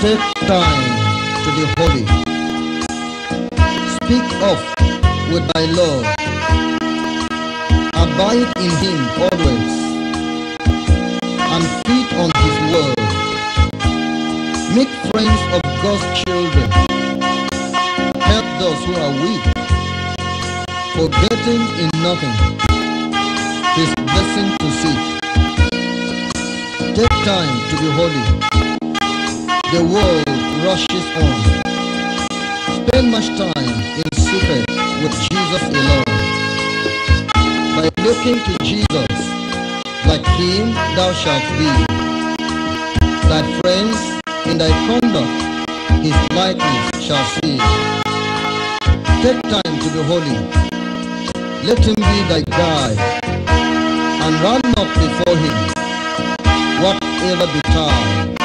set time to be holy. Speak of with thy Lord. Abide in him always. And feed on his word. Make friends of God's children. Help those who are weak. Forgetting in nothing. His blessing to seek. Take time to be holy the world rushes on. Spend much time in secret with Jesus alone. By looking to Jesus, like him thou shalt be. Thy friends in thy conduct his likeness shall see. Take time to be holy. Let him be thy guide, and run not before him, whatever betide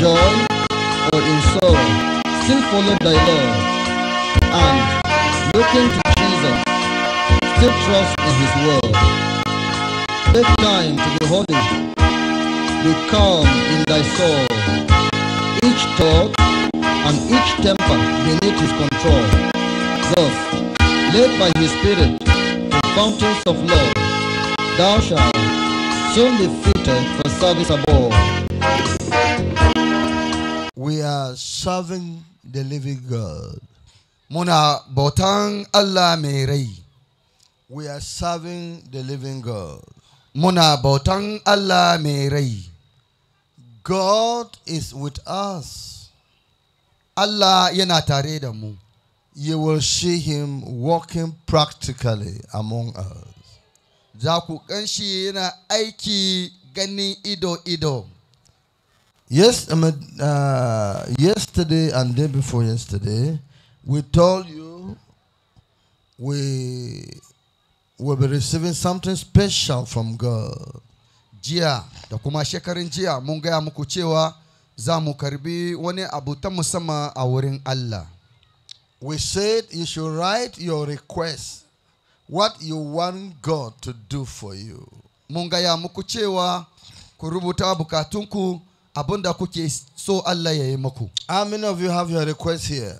joy or in sorrow, still follow thy Lord. And, looking to Jesus, still trust in his word. Take time to be holy. Be calm in thy soul. Each thought and each temper beneath his control. Thus, led by his spirit to fountains of love, thou shalt soon be fitted for service above. serving the living God. Muna botang Allah mai We are serving the living God. Muna botang Allah mai God is with us. Allah yana mu. You will see him walking practically among us. Zaku ku na aiki gani ido-ido. Yes, uh, yesterday and day before yesterday, we told you we will be receiving something special from God. Jia, da kuma shekarun mungaya mun gaya muku cewa za mu karbi wani Allah. We said you should write your request, what you want God to do for you. Mungaya gaya muku kurubuta ku da kuke so Allah ya yi muku how many of you have your request here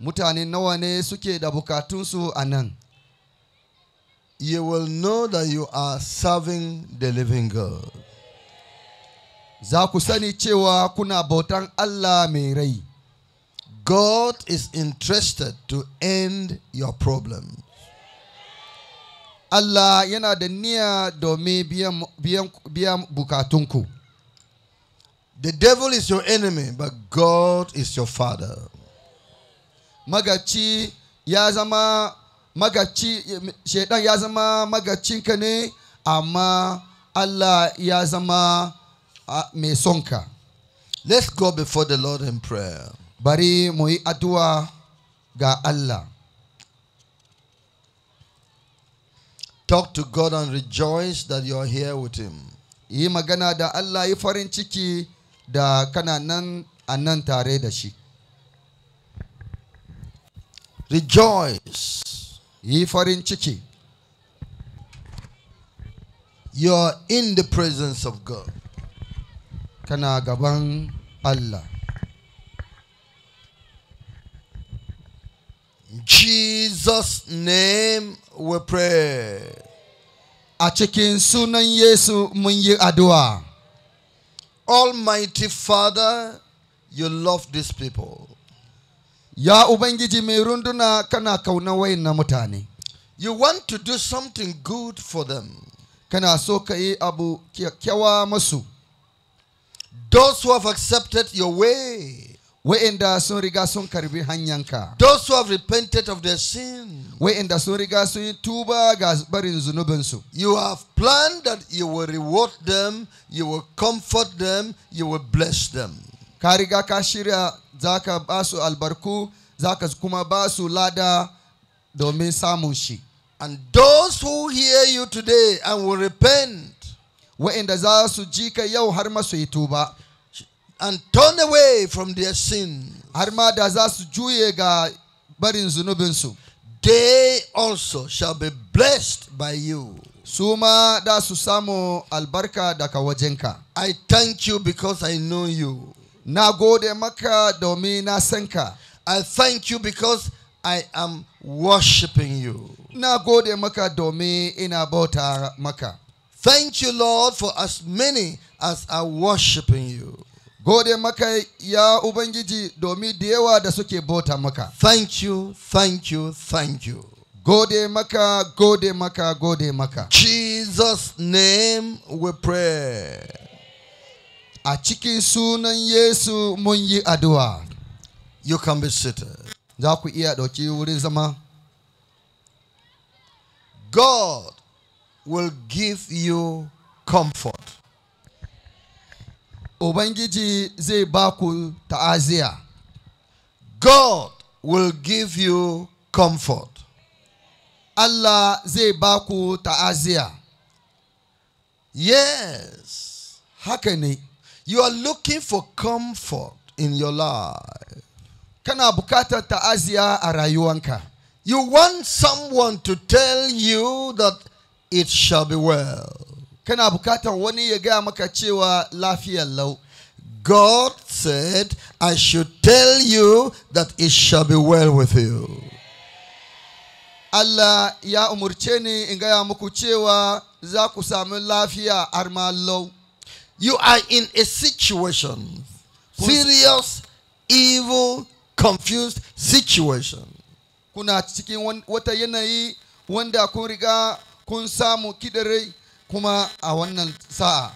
mutane nawa ne suke da bukatunsu a nan you will know that you are serving the living God za ku sani cewa kuna bautan Allah mai rai God is interested to end your problem. Allah yana da niyya domin biyan bukatunku. The devil is your enemy, but God is your father. Magachi yazama magachi shetan yazama ya zama Allah yazama mesonka. Let's go before the Lord in prayer. Bari mu ga Allah. Talk to God and rejoice that you are here with him. Yi magana da Allah yi farin ciki da kana nan a nan tare da shi rejoice yi farin ciki you are in the presence of God kana gaban Allah Jesus name we pray a cikin sunan Yesu mun yi addu'a Almighty Father, you love these people. Ya ubengiji mai runduna kana kauna wayannan mutane. You want to do something good for them. Kana so ka yi abu kyakkyawa masu. Those who have accepted your way waɗanda sun riga sun karbi hanyanka those who have repented of their sin waɗanda sun riga sun yi tuba ga barin you have planned that you will reward them you will comfort them you will bless them Kariga riga ka shirya za ka ba su albarku za kuma ba lada domin samun shi and those who hear you today and will repent waɗanda za su ji ka yau har masu yi tuba and turn away from their sin. They also shall be blessed by you. Suma I thank you because I know you. I thank you because I am worshiping you. Thank you Lord for as many as are worshiping you gode maka ya Ubangiji domin da yawa da suke bota maka. Thank you, thank you, thank you. Gode maka, gode maka, gode maka. Jesus name we pray. A cikin sunan Yesu mun yi addu'a. You can be seated. Za ku iya ɗauki wurin zama. God will give you comfort. Ubangiji zai ta ku ta'aziya. God will give you comfort. Allah zai ba ku ta'aziya. Yes, haka ne. You are looking for comfort in your life. Kana bukatar ta'aziya a rayuwanka. You want someone to tell you that it shall be well. kana bukatan wani ya gaya maka cewa lafiyar lau God said, I should tell you that it shall be well with you. Allah ya umurce ni in gaya muku cewa za ku sami lafiya har ma lau. You are in a situation, serious, evil, confused situation. Kuna cikin wata yanayi wanda kun riga kun samu kidarai kuma a wannan sa'a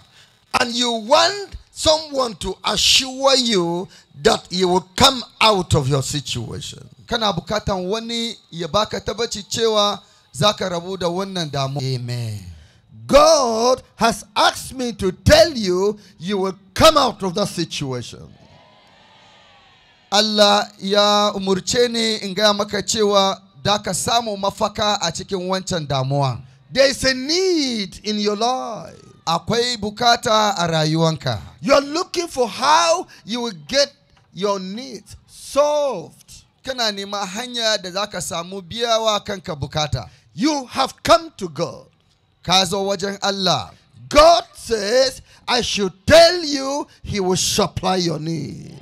and you want someone to assure you that you will come out of your situation kana bukatan wani ya baka tabbaci cewa zaka rabu da wannan damu amen God has asked me to tell you you will come out of that situation Allah ya umurce ni in gaya maka cewa da ka samu mafaka a cikin wancan damuwa. There is a need in your life. bukata You're looking for how you will get your needs solved. Kana hanya You have come to God. God says, I should tell you, He will supply your need.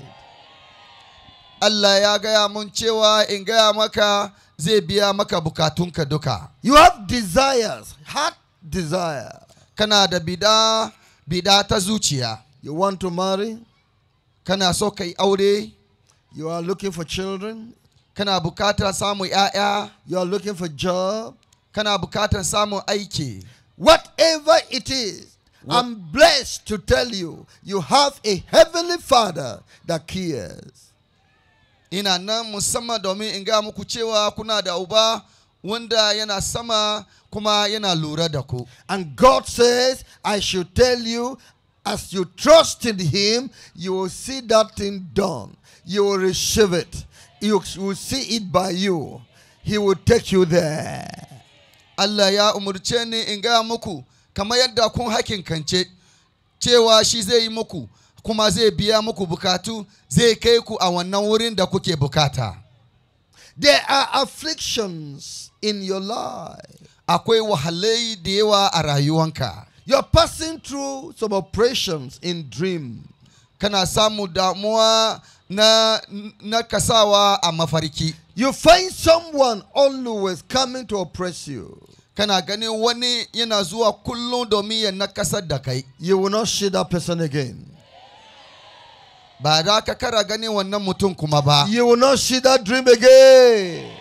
Allah ya gaya mun cewa in gaya maka zai biya maka bukatunka duka. You have desires, heart desire. Kana da bida, bida ta zuciya. You want to marry? Kana so aure? You are looking for children? Kana bukatar You are looking for job? Kana bukatar aiki? Whatever it is, What? I'm blessed to tell you, you have a heavenly father that cares. ina nan musamman domin in ga muku cewa kuna da uba wanda yana sama kuma yana lura da ku. And God says, I should tell you, as you trust in Him, you will see that thing done. You will receive it. You will see it by you. He will take you there. Allah ya umurce ni in ga muku, kamar yadda kun hakin kance, cewa shi zai yi muku. kuma zai biya muku bukatu zai kai ku a wannan wurin da kuke bukata. There are afflictions in your life. Akwai wahalai da yawa a rayuwanka. are passing through some operations in dream. Kana samu damuwa na, na kasawa a mafarki. You find someone always coming to oppress you. kana ganin wani yana zuwa kullum domin ya nakasar da kai. You will not see that person again. baraka kara ganin wannan mutum kuma ba you will not see that dream again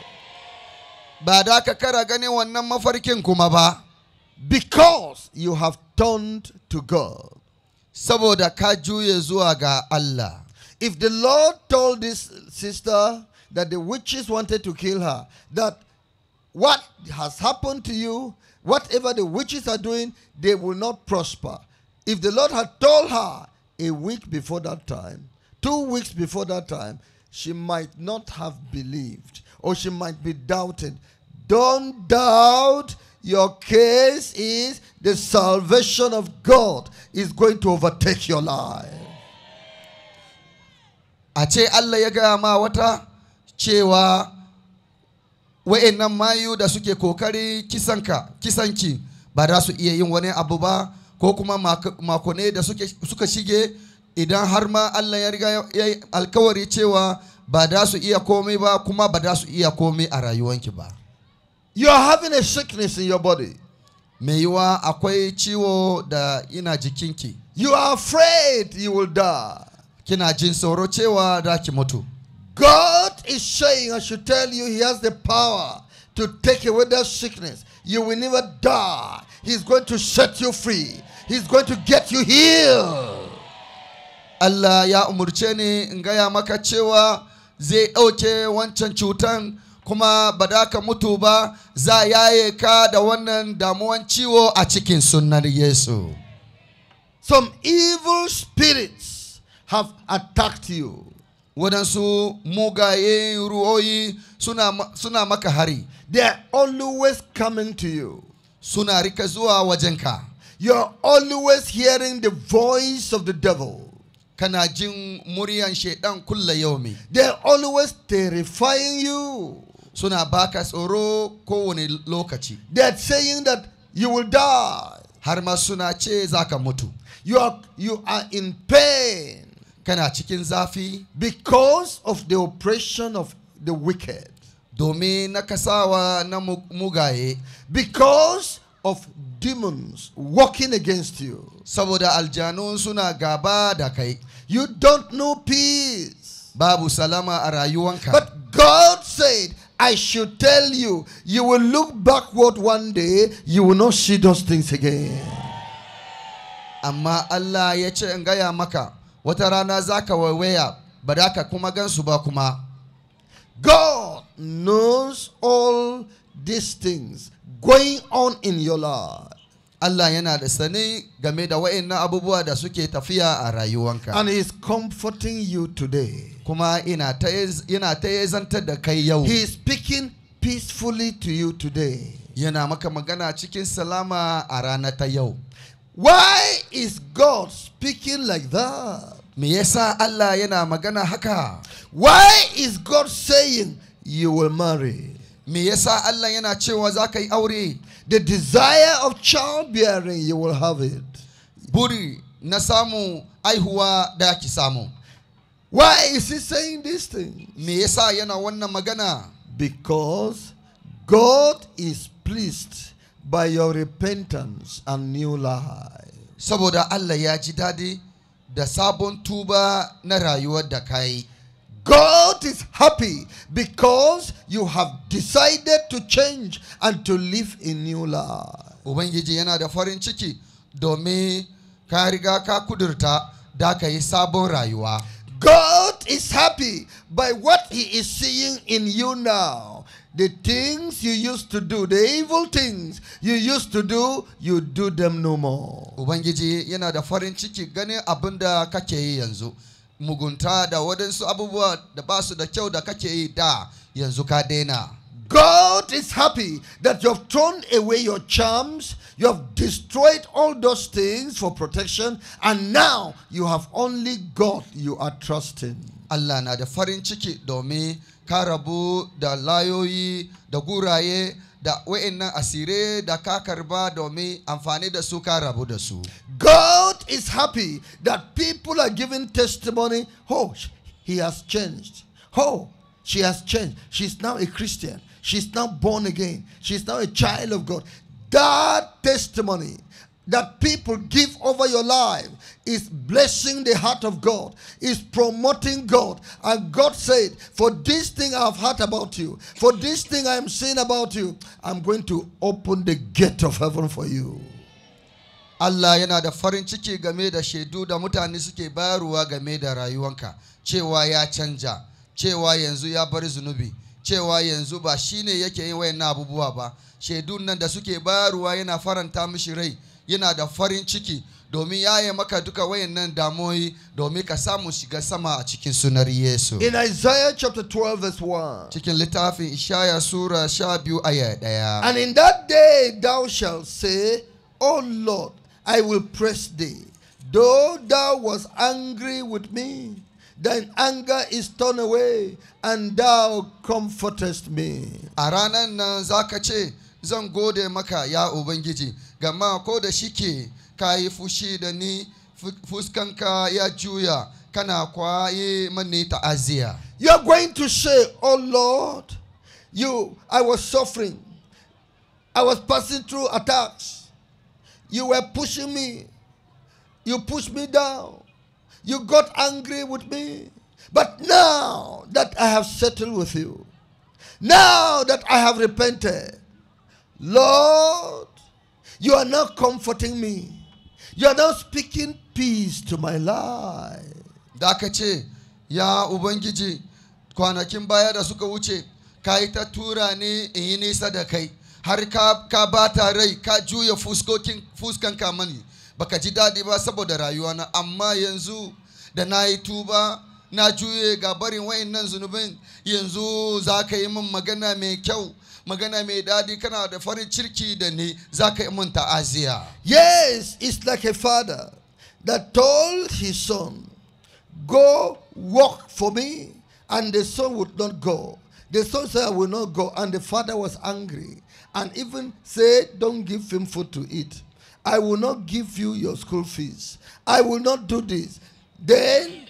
baraka kara ganin wannan mafarkin kuma ba because you have turned to God saboda ka juye zuwa ga Allah if the Lord told this sister that the witches wanted to kill her that what has happened to you whatever the witches are doing they will not prosper if the Lord had told her a week before that time, two weeks before that time, she might not have believed or she might be doubted. Don't doubt. Your case is the salvation of God is going to overtake your life. Ache Allah ya gaya ma wata cewa wa'annan mayu da suke kokari kisanka kisanki ba za su iya yin wani abu ba ko kuma makone da suka shige idan har ma Allah ya riga alkawari cewa ba da su iya komai ba kuma ba da su iya komai a rayuwanki ba. You are having a sickness in your body. akwai ciwo da ina jikinki. You are afraid you will die. Kina jin tsoro cewa da ki mutu. God is saying, I should tell you, He has the power to take away that sickness. You will never die. He's going to set you free. He's going to get you healed. Allah ya umurce ni in gaya maka cewa zai ɗauke wancan cutan kuma ba da ka mutu ba za yaye ka da wannan damuwan ciwo a cikin sunan Yesu. Some evil spirits have attacked you. waɗansu mugaye ru'oyi suna maka hari. They are always coming to you. Suna rika zuwa wajenka. You're always hearing the voice of the devil. Kana jin muryan shaidan kulla yaumi. They're always terrifying you. Suna baka tsoro kowane lokaci. They're saying that you will die. Har ma suna ce zaka mutu. You are you are in pain. Kana cikin zafi because of the oppression of the wicked. Domin nakasawa na mugaye because of demons working against you. Saboda aljanun suna gaba da kai. You don't know peace. Babu salama a rayuwanka. But God said, I should tell you, you will look backward one day, you will not see those things again. Amma Allah ya ce in gaya maka, wata rana za ka waiwaya, ba da ka kuma gansu ba kuma. God knows all these things going on in your life. Allah yana da sani game da wa'annan abubuwa da suke tafiya a rayuwanka. And is comforting you today. Kuma ina ta yanzantar da kai yau. He is speaking peacefully to you today. Yana maka magana cikin salama a rana ta yau. Why is God speaking like that? Me yasa Allah yana magana haka? Why is God saying you will marry? me yasa Allah yana cewa za ka yi aure the desire of childbearing you will have it buri na samu aihuwa da ki samu why is he saying this thing me yasa yana wannan magana because God is pleased by your repentance and new life saboda Allah ya ji dadi da sabon tuba na rayuwar da kai God is happy because you have decided to change and to live a new life. Ubangiji yana da farin ciki domin ka riga ka kudurta da ka yi sabon rayuwa. God is happy by what he is seeing in you now. The things you used to do, the evil things you used to do, you do them no more. Ubangiji yana da farin ciki ganin abinda kake yi yanzu. mugunta da waɗansu abubuwa da ba su da kyau da kake yi da yanzu ka daina. God is happy that you've thrown away your charms, you've destroyed all those things for protection, and now you have only God you are trusting. Allah na da farin ciki domin ka rabu da layoyi da guraye da wa'annan da ka karba domin amfani da su ka rabu da su. God is happy that people are giving testimony. Oh, he has changed. Oh, she has changed. She's now a Christian. She's now born again. She's now a child of God. That testimony that people give over your life is blessing the heart of God, is promoting God. And God said, For this thing I have heard about you, for this thing I am saying about you, I'm going to open the gate of heaven for you. Allah yana da farin ciki game da shedu da mutane suke bayarwa game da rayuwanka cewa ya canja cewa yanzu ya bar zunubi cewa yanzu ba shine yake yin wayannan abubuwa ba shaidun nan da suke bayarwa yana faranta mishi rai yana da farin ciki domin yaye maka duka wayannan damoyi domin ka samu shiga sama a cikin sunar Yesu. In Isaiah chapter 12 verse 1. Cikin littafin Ishaya sura 12 aya 1. And in that day thou shalt say, O Lord, I will press thee, though thou was angry with me. thine anger is turned away and thou comfortest me. A ranar nan za ce, Zan gode maka ya Ubangiji, gama ko da shike fushi da ni fuskanka ya juya kana mani ta'aziya you are going to say oh lord you i was suffering i was passing through attacks you were pushing me you pushed me down you got angry with me but now that i have settled with you now that i have repented lord you are not comforting me you are not speaking peace to my life. Da aka ce, Ya Ubangiji, kwanakin baya da suka wuce, ka yi ta tura ni in yi nisa da kai, har ka ba ta rai, ka juya fuskanka mani, baka ji daɗi ba saboda rayuwa rayuwana, amma yanzu da na yi tuba, na juye ga barin wa'in nan zunubin, yanzu za ka yi min magana mai kyau. magana mai daɗi kana da farin ciki da ni za yi mun ta'aziya yes it's like a father that told his son go work for me and the son would not go the son said i will not go and the father was angry and even said don't give him food to eat i will not give you your school fees i will not do this then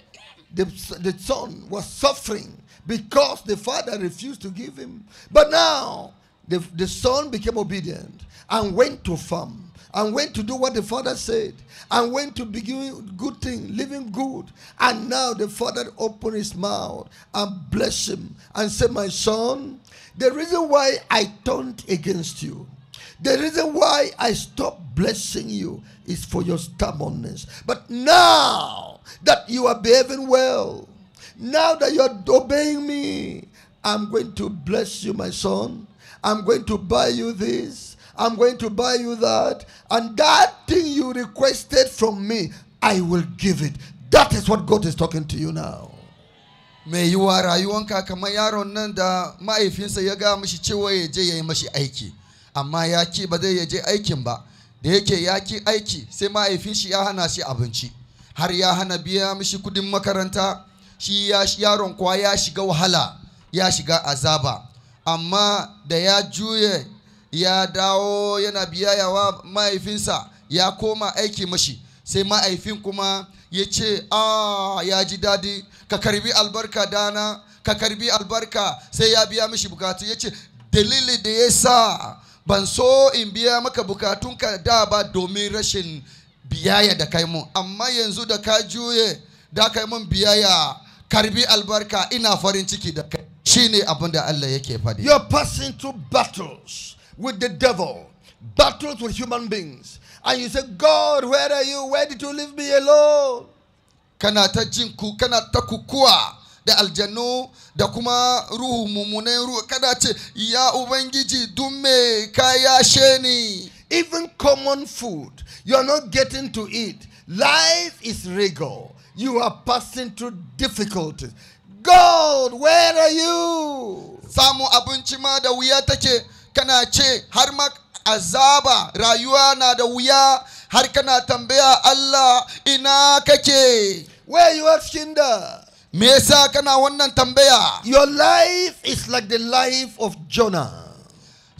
the, the son was suffering because the father refused to give him. But now the, the son became obedient and went to farm and went to do what the father said and went to begin good thing, living good. And now the father opened his mouth and blessed him and said, My son, the reason why I turned against you, the reason why I stopped blessing you is for your stubbornness. But now that you are behaving well, now that you're obeying me, I'm going to bless you, my son. I'm going to buy you this. I'm going to buy you that. And that thing you requested from me, I will give it. That is what God is talking to you now. mai yiwuwa rayuwanka kamar yaron nan da mahaifinsa ya ga mashi cewa ya je ya yi mashi aiki amma ya ki ba zai je aikin ba da yake ya ki aiki sai mahaifin shi ya hana shi abinci har ya hana biya mashi kudin makaranta shi yaron kuwa ya shiga wahala ya shiga azaba amma da ya juye ya dawo yana biyayawa mahaifinsa ya koma aiki mashi sai mahaifin kuma ya ce a ah, ya ji daɗi ka karbi albarka dana ka karbi albarka sai ya biya mishi bukatu ya ce dalili da ya sa ban so in biya maka ka da ba domin rashin biyaya da kai mun amma yanzu da ka juye da kai mun biyaya karbi albarka ina farin ciki da kai shine abin da Allah yake faɗi you are passing through battles with the devil battles with human beings and you say god where are you where did you leave me alone kana ta jin kana ta kukuwa da aljanu da kuma ruhu mummunai ruhu kada ce ya ubangiji dun me ka yashe ni even common food you are not getting to eat life is regal you are passing through difficulties. God, where are you? Samu abincima da wuya take kana ce har azaba rayuwa na da wuya har kana tambaya Allah ina kake. Where you asking that? Me yasa kana wannan tambaya? Your life is like the life of Jonah.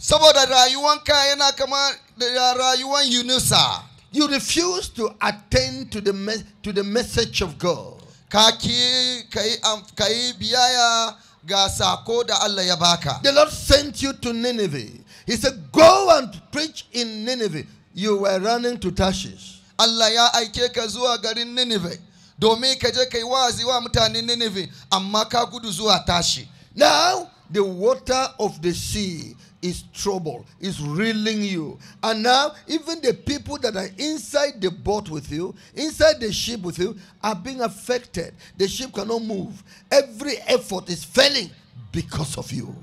Saboda rayuwanka yana kama da rayuwan Yunusa. You refuse to attend to the me- to the message of God. Kaki kai da The Lord sent you to Nineveh. He said, "Go and preach in Nineveh." You were running to Tarshish. Allah ya aike ka zuwa garin Nineveh domin ka je kai wa mutanen Nineveh amma ka gudu zuwa Tashi. Now the water of the sea is trouble, is reeling you. And now, even the people that are inside the boat with you, inside the ship with you, are being affected. The ship cannot move. Every effort is failing because of you.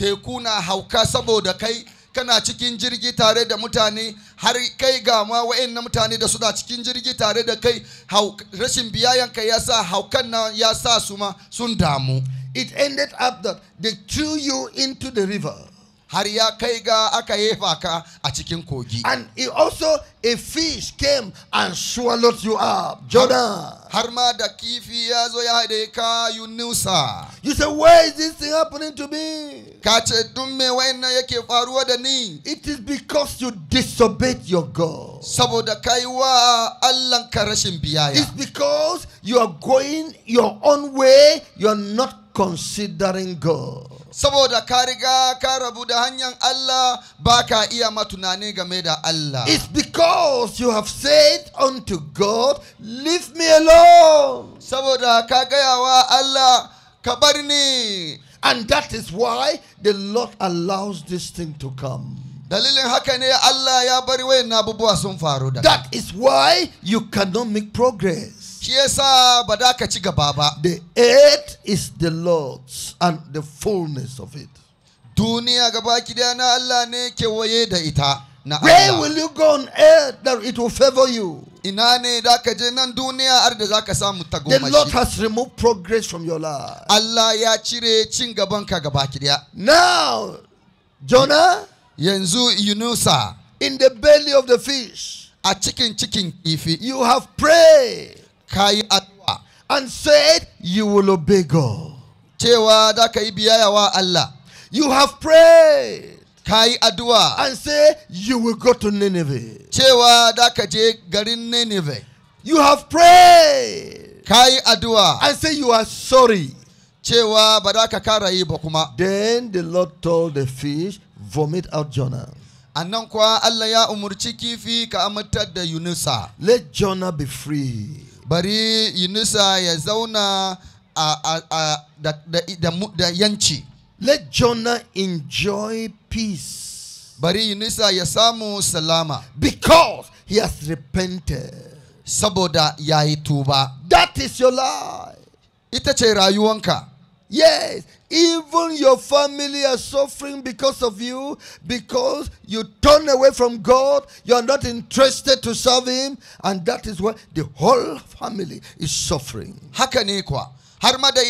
hauka saboda kai kana cikin jirgi tare da mutane har kai ga ma wa'annan mutane da suna cikin jirgi tare da kai rashin biyayanka ya sa haukan nan ya sa su ma sun damu it ended up that they threw you into the river kai ga and he also a fish came and swallowed you up jordan har da ya you say why is this thing happening to me da ni it is because you disobeyed your god wa it's because you are going your own way you are not considering god saboda ka riga ka rabu da hanyar Allah baka iya matunani game da Allah it's because you have said unto God leave me alone saboda ka gaya Allah ka bar and that is why the Lord allows this thing to come dalilin haka ne Allah ya bari wayan abubuwa sun faru da that is why you cannot make progress the earth is the Lord's and the fullness of it. ita. Na Where will you go on earth that it will favor you? The Lord has removed progress from your life. Now, Jonah. Yenzu Yunusa. In the belly of the fish. A chicken, chicken. ifi. You have prayed. Ka yi addu'a and said you will obey God cewa da ka yi biyayya wa Allah you have prayed yi addu'a and say you will go to Nineveh cewa da ka je garin Nineveh you have prayed yi addu'a and say you are sorry cewa ba da ka kara yi ba kuma then the Lord told the fish vomit out Jonah annan kuwa Allah ya umurci kifi ka amintar da Yunusa let Jonah be free bari Yunusa ya zauna a da yanci let Jonah enjoy peace bari Yunusa ya samu salama because he has repented saboda yayi tuba that is your life ita ce rayuwanka yes even your family are suffering because of you, because you turn away from God, you are not interested to serve Him, and that is why the whole family is suffering. Haka ne kuwa, har ma da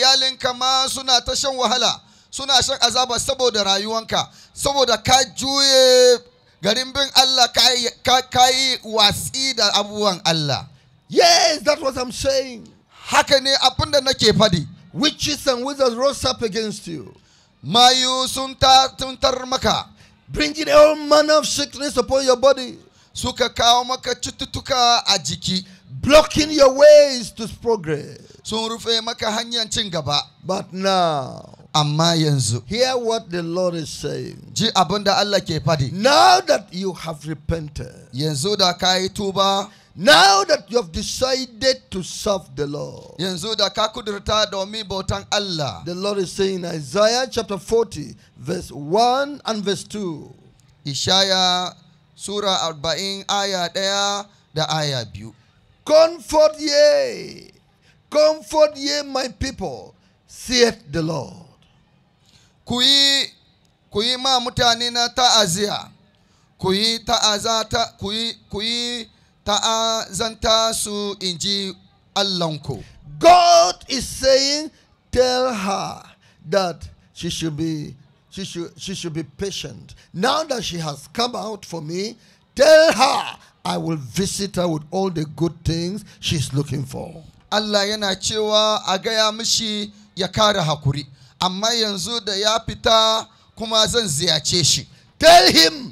suna ta shan wahala, suna shan azaba saboda rayuwanka, saboda ka juye garin bin Allah kai yi watsi da abubuwan Allah. Yes, that's what I'm saying. Haka ne abin da nake faɗi. Witches and wizards rose up against you. sunta Bringing all manner of sickness upon your body. Suka ajiki. Blocking your ways to progress. rufe But now. Hear what the Lord is saying. Now that you have repented. Now that you have decided to serve the Lord, the Lord is saying Isaiah chapter 40, verse 1 and verse 2. Ishaya surah 40 ayat ɗaya da aya Comfort ye, comfort ye my people, saith the Lord. Kui kui ma mutane anina ta azia, kui ta, azata kui kui. God is saying, tell her that she should be she should she should be patient. Now that she has come out for me, tell her I will visit her with all the good things she's looking for. Allah yana cewa a gaya mishi ya kare hakuri, amma yanzu da ya fita kuma zan shi. Tell him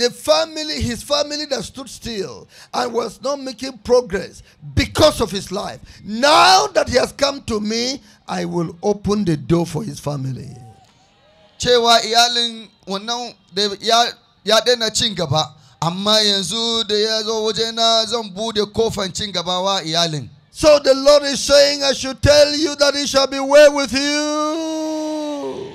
the family, his family that stood still and was not making progress because of his life. Now that he has come to me, I will open the door for his family. iyalin wannan da ya daina cin gaba, amma yanzu da wajena zan bude kofan cin gaba wa iyalin. So the Lord is saying, I should tell you that it shall be well with you.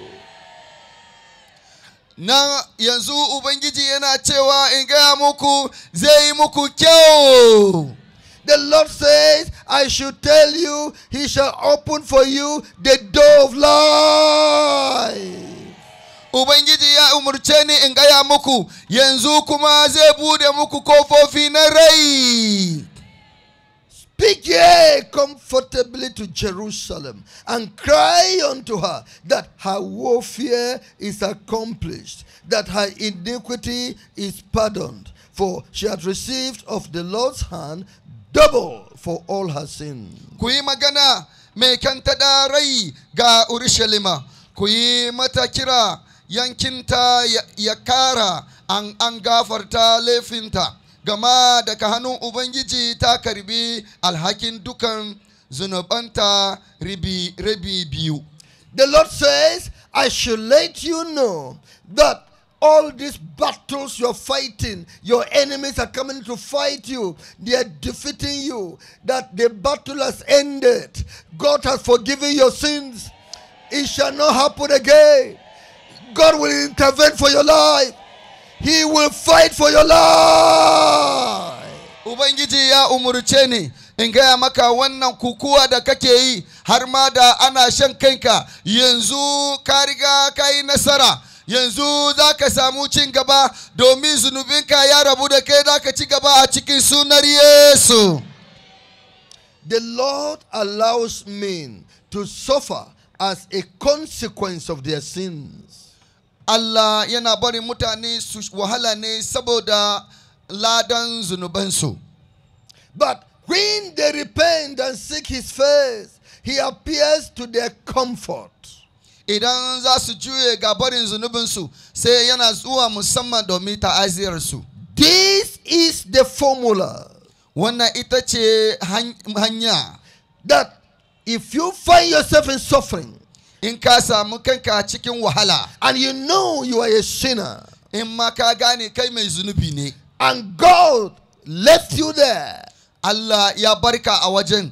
Na yanzu ubangiji yana cewa in gaya muku zai yi muku kyau The Lord says, I should tell you, He shall open for you the door of life. Ubangiji ya umurce ni in gaya muku, yanzu kuma zai bude muku kofofi na rai. Speak ye comfortably to Jerusalem and cry unto her that her warfare is accomplished, that her iniquity is pardoned, for she hath received of the Lord's hand double for all her sins. Kuimagana me kantada rai ga Urushalima. Kuimata kira yankinta yakara ang ang gafarta finta gama daga hannun Ubangiji ta karbi alhakin dukan zunubanta ribi rabi biyu. The Lord says, I shall let you know that all these battles you're fighting, your enemies are coming to fight you, they are defeating you, that the battle has ended. God has forgiven your sins. It shall not happen again. God will intervene for your life. He will fight for your life. Ubangiji ya umurce ni in gaya maka wannan kukuwa da kake yi har ma da ana shan kanka yanzu ka riga ka yi nasara. yanzu za ka samu cin gaba domin zunubinka ya rabu da kai za ka ci gaba a cikin sunar Yesu. The Lord allows men to suffer as a consequence of their sins. Allah yana mutane su wahala ne saboda ladan zunubansu. But when they repent and seek his face, he appears to their comfort. Idan za su juye ga barin zunubinsu sai yana zuwa musamman domin ta'aziyarsu. This is the formula. Wannan ita ce hanya. That if you find yourself in suffering, in ka samu kanka cikin wahala and you know you are a sinner in ma ka gane kai mai zunubi ne and God left you there Allah ya barka a wajen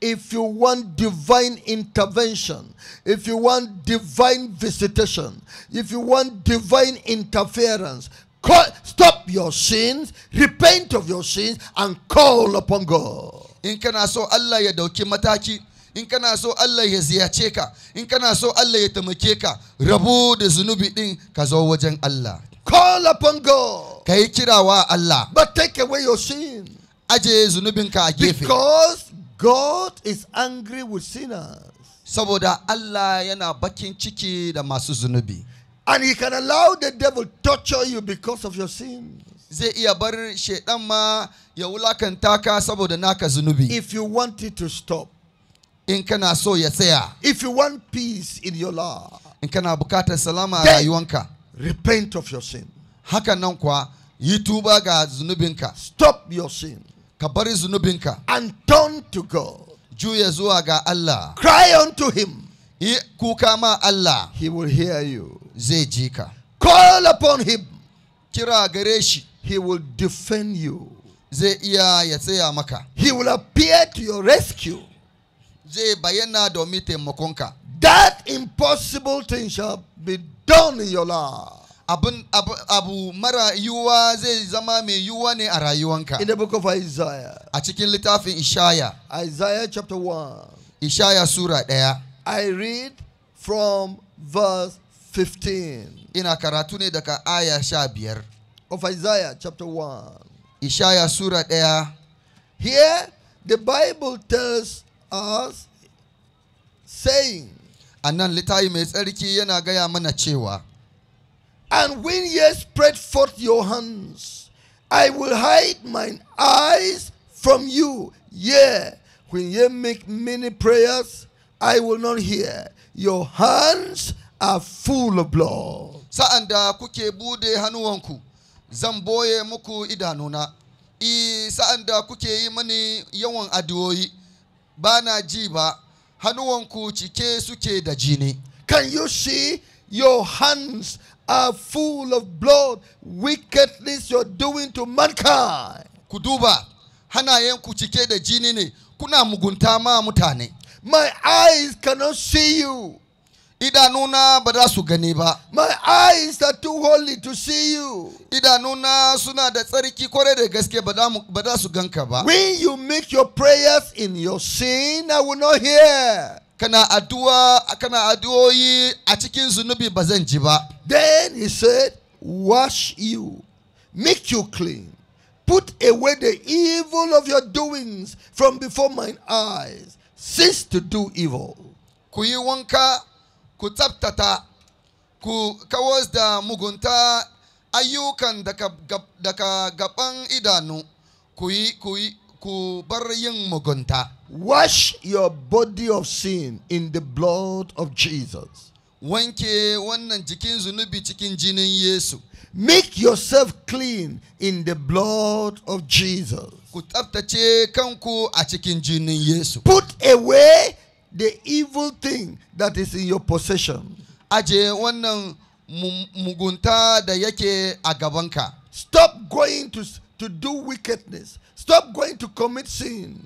if you want divine intervention, if you want divine visitation, if you want divine interference, call, stop your sins, repent of your sins, and call upon God. In kana so Allah ya dauki mataki in kana so Allah ya cheka. ka in kana so Allah ya taimake ka rabu da zunubi din ka zo wajen Allah call upon God kai kirawa Allah but take away your sin aje zunubinka a gefe because God is angry with sinners saboda Allah yana bakin ciki da masu zunubi and he can allow the devil torture you because of your sins zai iya bar shedan ma ya wulakanta ka saboda naka zunubi if you want it to stop if you want peace in your life, in kana salama repent of your sin haka nan kuwa stop your sin and turn to god Allah cry unto him Allah he will hear you call upon him he will defend you ya he will appear to your rescue that impossible thing shall be done in your life. In the book of Isaiah. A Isaiah chapter 1. Isaiah Surah there. I read from verse 15. In a ne daga aya Of Isaiah chapter 1. Isaiah Surah there. Here the Bible tells us saying. A nan littafi mai tsarki yana gaya mana cewa. And when ye spread forth your hands, I will hide mine eyes from you. Yea, when ye make many prayers, I will not hear. Your hands are full of blood. Sa'an da uh, kuke bude hannuwanku, zan boye muku idanuna. I sa'an da uh, kuke yi mani yawan addu'o'i, Bana na ji ba hannuwanku cike suke da jini can you see your hands are full of blood wickedness you're doing to mankind ku duba hannayenku cike da jini ne kuna mugunta ma mutane my eyes cannot see you Idanuna ba ba. My eyes are too holy to see you. Idanuna suna da tsarki kwarai da gaske ba za ba. When you make your prayers in your sin, I will not hear. Kana addu'a kana addu'o'i a cikin zunubi ba ji ba. Then he said, wash you, make you clean. Put away the evil of your doings from before mine eyes. Cease to do evil. Ku ku ku kawas da mugunta ayyukan daga gaban idanu ku yi ku bar yin mugunta wash your body of sin in the blood of Jesus wanke wannan jikin zunubi cikin jinin Yesu make yourself clean in the blood of Jesus ku kanku a cikin jinin Yesu put away the evil thing that is in your possession. mugunta da Stop going to, to do wickedness. Stop going to commit sin.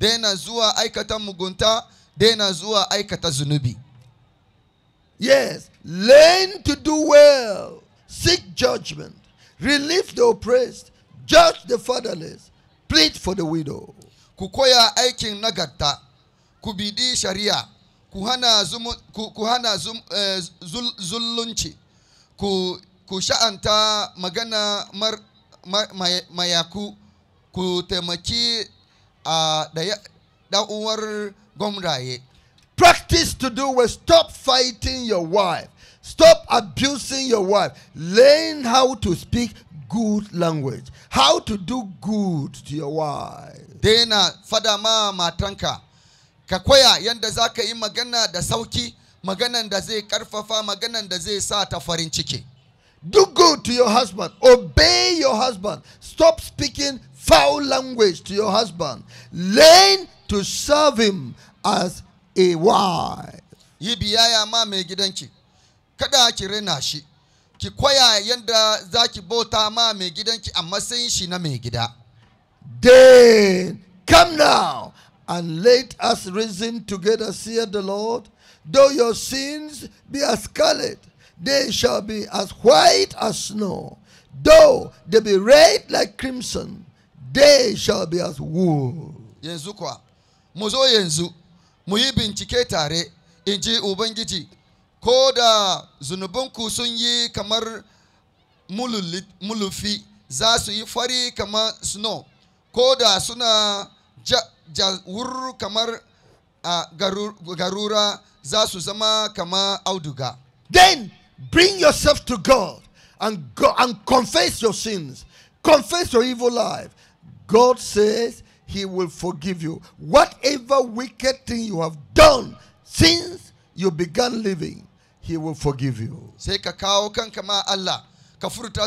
aikata mugunta, aikata Yes, learn to do well. Seek judgment. Relieve the oppressed. Judge the fatherless. Plead for the widow. aikin kubidi shari'a kuhana zumu, ku hana eh, zulunchi ku sha'anta magana mayaku ku taimaki a ah, uwar gwamraye practice to do was stop fighting your wife stop abusing your wife learn how to speak good language how to do good to your wife dena fada ma matanka ka koya yadda za ka yi magana da sauki maganan da zai karfafa maganan da zai sa ta farin ciki do good to your husband obey your husband stop speaking foul language to your husband learn to serve him as a wife yi biyaya ma mai gidanki kada ki rena shi ki koya yadda za ki bauta ma mai gidanki a matsayin shi na mai gida then come now And let us reason together, saith the Lord. Though your sins be as scarlet, they shall be as white as snow. Though they be red like crimson, they shall be as wool. Yanzu kwa, muzo yanzu, mu yi bincike tare, in ji Ubangiji, ko da zunubanku kamar mulufi za su kama fari kamar snow, ko suna ja kamar garura za su zama kama auduga. Then bring yourself to God and go and confess your sins. Confess your evil life. God says he will forgive you. Whatever wicked thing you have done since you began living, he will forgive you. Sai ka kawo kanka ma Allah, ka furta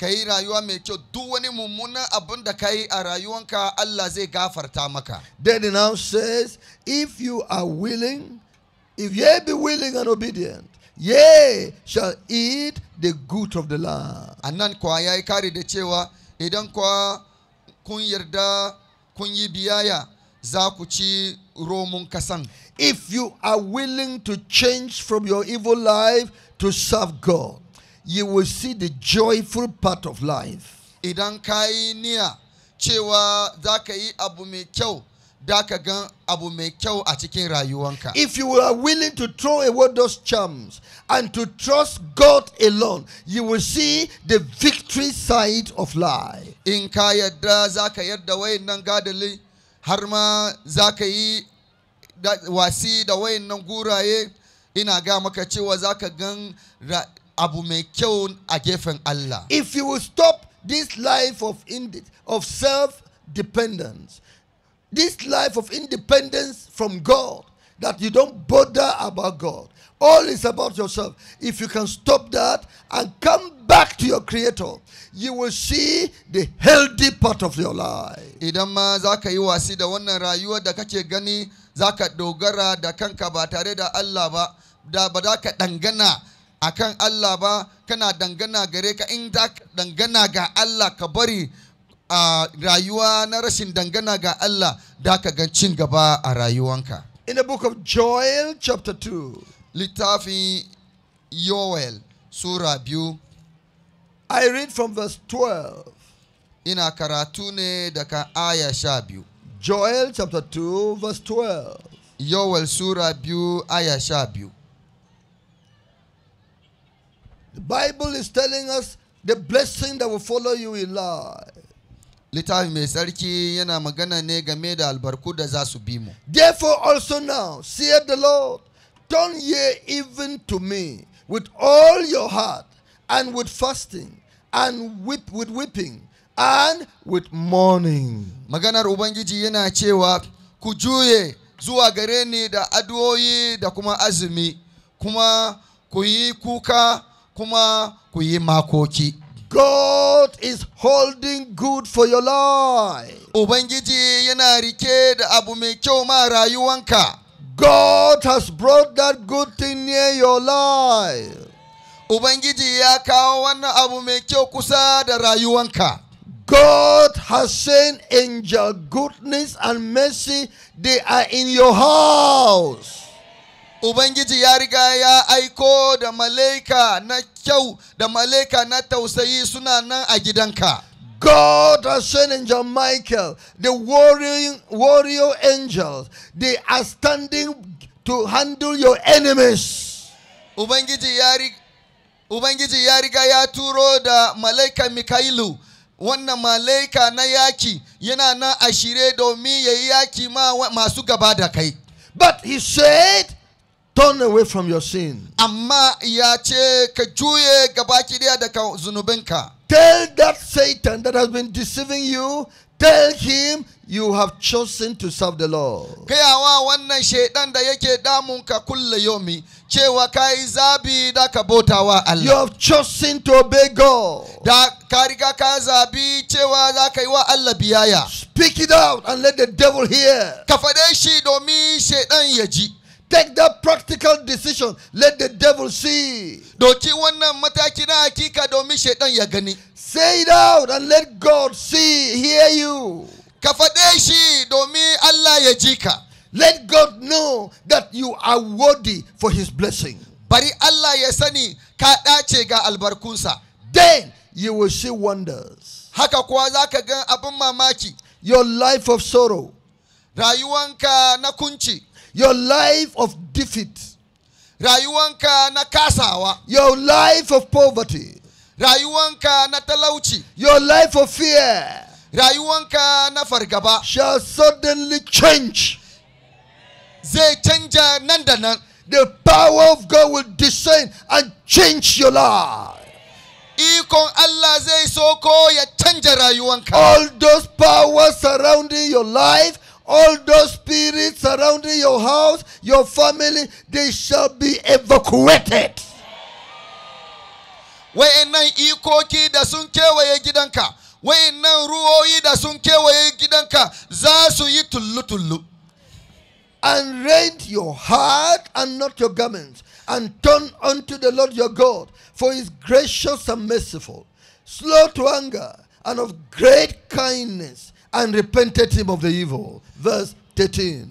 ka yi rayuwa mai kyau duk wani mummunan abin da ka a rayuwanka Allah zai gafarta maka. Then he now says, if you are willing, if ye be willing and obedient, ye shall eat the good of the land. A nan kuwa ya yi kare da cewa idan kuwa kun yarda kun yi biyaya za ku ci romun kasan. If you are willing to change from your evil life to serve God you will see the joyful part of life. Idan kayi niya cewa za yi abu mai kyau, da gan abu mai kyau a cikin rayuwanka. If you are willing to throw away those charms and to trust God alone, you will see the victory side of life. In ka yadda za ka yadda wayannan gadali har ma za ka yi wasi da wayannan guraye ina ga maka cewa za gan abu mai kyau Allah. If you will stop this life of, of self-dependence, this life of independence from God, that you don't bother about God. All is about yourself. If you can stop that and come back to your creator, you will see the healthy part of your life. Idan ma zaka yi wasi da wannan rayuwar da kake gani zaka dogara da kanka ba tare da Allah ba da ba za ka dangana akan Allah ba kana dangana gare ka in za dangana ga Allah ka bari a rayuwa na rashin dangana ga Allah da ka ga cin gaba a rayuwanka in the book of Joel chapter 2 littafin joel sura biyu I read from verse 12 ina karatu ne daga aya sha biyu Joel chapter 2 verse 12 joel sura biyu aya sha biyu The Bible is telling us the blessing that will follow you in life. littafi mai tsarki yana magana ne game da albarku da za su bi mu. Therefore also now, saith the Lord, turn ye even to me with all your heart and with fasting and weep, with weeping and with mourning. Maganar Ubangiji yana cewa ku juye zuwa gare ni da addu'o'i da kuma azumi kuma ku yi kuka kuma ku yi makoki. God is holding good for your life. Ubangiji yana rike da abu mai kyau ma rayuwanka. God has brought that good thing near your life. Ubangiji ya kawo wannan abu mai kyau kusa da rayuwanka. God has sent angel goodness and mercy, they are in your house. Ubangiji ya riga ya aiko da malaika na kyau da malaika na tausayi suna nan a gidanka. God has sent angel Michael, the warrior, warrior angel They are standing to handle your enemies. Ubangiji ya ya riga ya turo da malaika Mikailu, wannan malaika na yaki yana nan a domin ya yi yaki ma masu gaba da kai. But he said, turn away from your sin. Tell that Satan that has been deceiving you, tell him you have chosen to serve the Lord. You have chosen to obey God. Speak it out and let the devil hear. Take that practical decision. Let the devil see. Don't you want to A chika Say it out and let God see, hear you. Kafadeshi domi Allah yajika. Let God know that you are worthy for his blessing. Bari Allah yasani kaache ga albarkunsa. Then you will see wonders. Haka kuwaza abu mamachi. Your life of sorrow. Rayuanka na kunchi. Your life of defeat. Your life of poverty. Your life of fear. Shall suddenly change. The power of God will descend and change your life. All those powers surrounding your life all those spirits surrounding your house, your family, they shall be evacuated. Oh, and rent your heart and not your garments, and turn unto the Lord your God, for he is gracious and merciful, slow to anger, and of great kindness, and repented him of the evil. verse 13.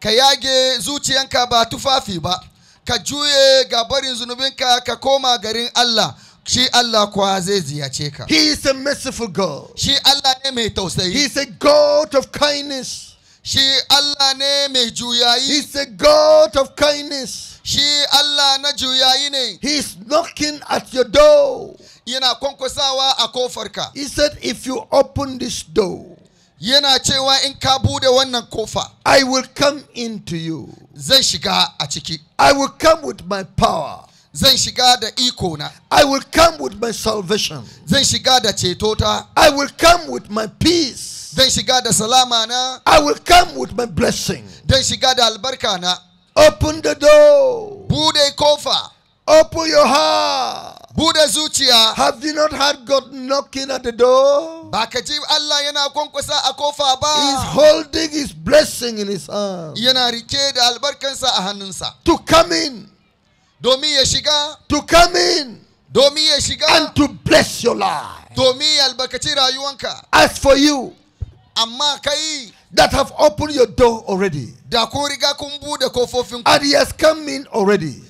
Ka yage zuciyanka ba tufafi ba, ka juye ga barin zunubinka ka koma garin Allah. Shi Allah kuwa zai ziyace ka. He is a merciful God. Shi Allah ne mai tausayi. He is a God of kindness. Shi Allah ne mai juyayi. He is a God of kindness. Shi Allah na juyayi ne. He is knocking at your door. Yana kwankwasawa a kofarka. He said if you open this door. yana cewa in ka bude wannan kofa I will come into you zan shiga a ciki I will come with my power zan shiga da iko na I will come with my salvation zan shiga da ceto ta I will come with my peace zan shiga da salama na I will come with my blessing zan shiga da albarka na open the door bude kofa Open your heart. Bude zuciya. Have you not heard God knocking at the door? Ba ka ji Allah yana kwankwasa a kofa ba. He's holding his blessing in his hand. Yana rike da albarkansa a hannunsa. To come in. Domin ya shiga. To come in. Domin ya shiga. And to bless your life. Domin ya albarkaci rayuwanka. As for you. Amma kai. that have opened your door already. da riga kun kofofin ku. And he has come in already.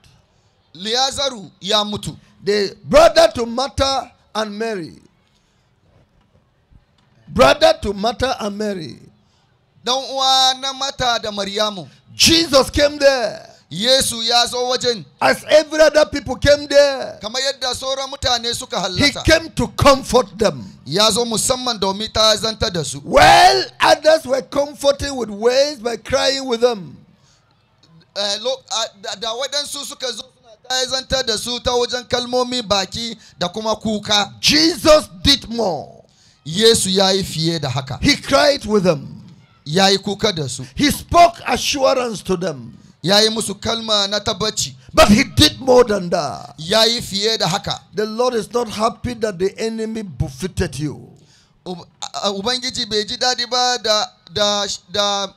Liazaru ya mutu. The brother to Martha and Mary. Brother to Martha and Mary. Dan uwa na Martha da Maryamu. Jesus came there. Yesu ya zo wajen. As every other people came there. Kamar yadda sauran mutane suka hallata. He came to comfort them. Ya zo musamman domin ta da su. Well, others were comforting with ways by crying with them. Uh, eh, look, uh, da waɗansu suka zo ya zantar da su ta wajen kalmomi baki da kuma kuka Jesus did more Yesu yayi fiye da haka He cried with them yayi kuka da su He spoke assurance to them yayi musu kalma na tabbaci But he did more than that. Yayi fiye da haka. The Lord is not happy that the enemy buffeted you. Ubangiji bai ji daɗi ba da da da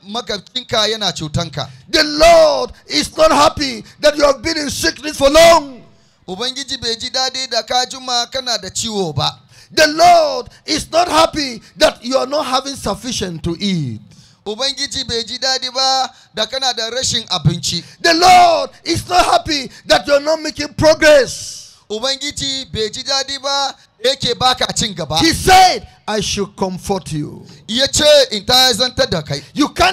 yana cutanka. The Lord is not happy that you have been in sickness for long. Ubangiji bai ji daɗi da ka juma kana da ciwo ba. The Lord is not happy that you are not having sufficient to eat. Ubangiji bai ji daɗi ba da kana da rashin abinci. The Lord is not happy that you are not making progress. Ubangiji bai ji daɗi ba he said i should comfort you you can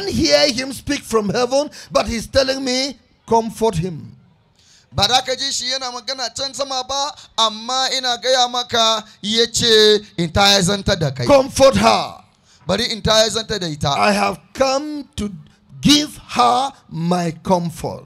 not hear him speak from heaven but he's telling me comfort him comfort her i have come to give her my comfort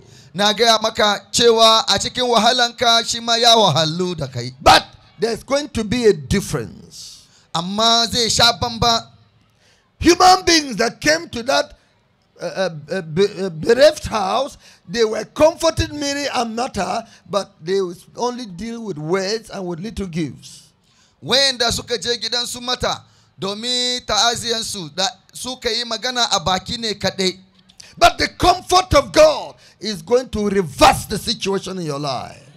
na gaya maka cewa a cikin wahalanka shi ma ya wahalu da kai but there's going to be a difference amma zai sha bamba human beings that came to that uh, uh, uh, uh bereft house they were comforted merely and matter but they only deal with words and with little gifts when da suka je gidan su mata domin ta'aziyansu da suka yi magana a baki ne kaɗai but the comfort of God is going to reverse the situation in your life.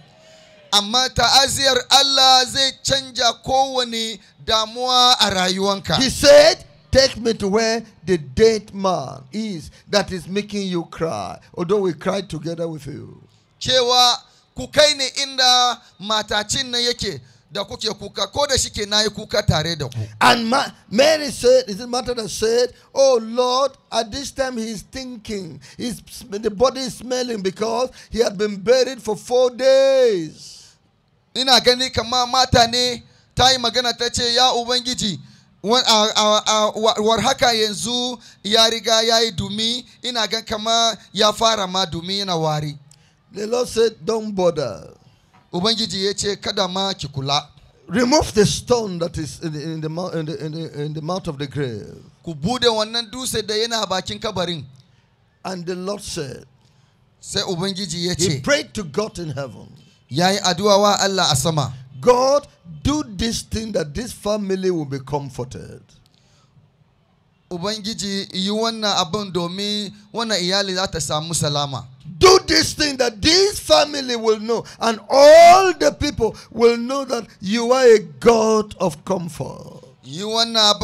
Amma ta'aziyar Allah zai canja kowane damuwa a rayuwanka. He said, take me to where the dead man is that is making you cry. Although we cry together with you. Cewa ku kai ni inda matacin nan yake da kuke kuka ko da shike nayi kuka tare da ku and Ma Mary said is it matter that said oh lord at this time he's thinking he's the body is smelling because he had been buried for four days ina gani kama mata ne ta magana ta ce ya ubangiji war haka yanzu ya riga ya dumi ina gan kama ya fara ma dumi yana wari the lord said don't bother Ubangiji ya ce kada ma ki kula. Remove the stone that is in the, in the, in the, in the, in the mouth of the grave. Ku bude wannan dutse da yana bakin kabarin. And the Lord said, Sai Ubangiji ya He prayed to God in heaven. Ya yi addu'a wa Allah a sama. God, do this thing that this family will be comforted. Ubangiji yi wannan abin domin wannan iyali za ta samu salama. Do this thing that this family will know, and all the people will know that you are a God of comfort. You Allah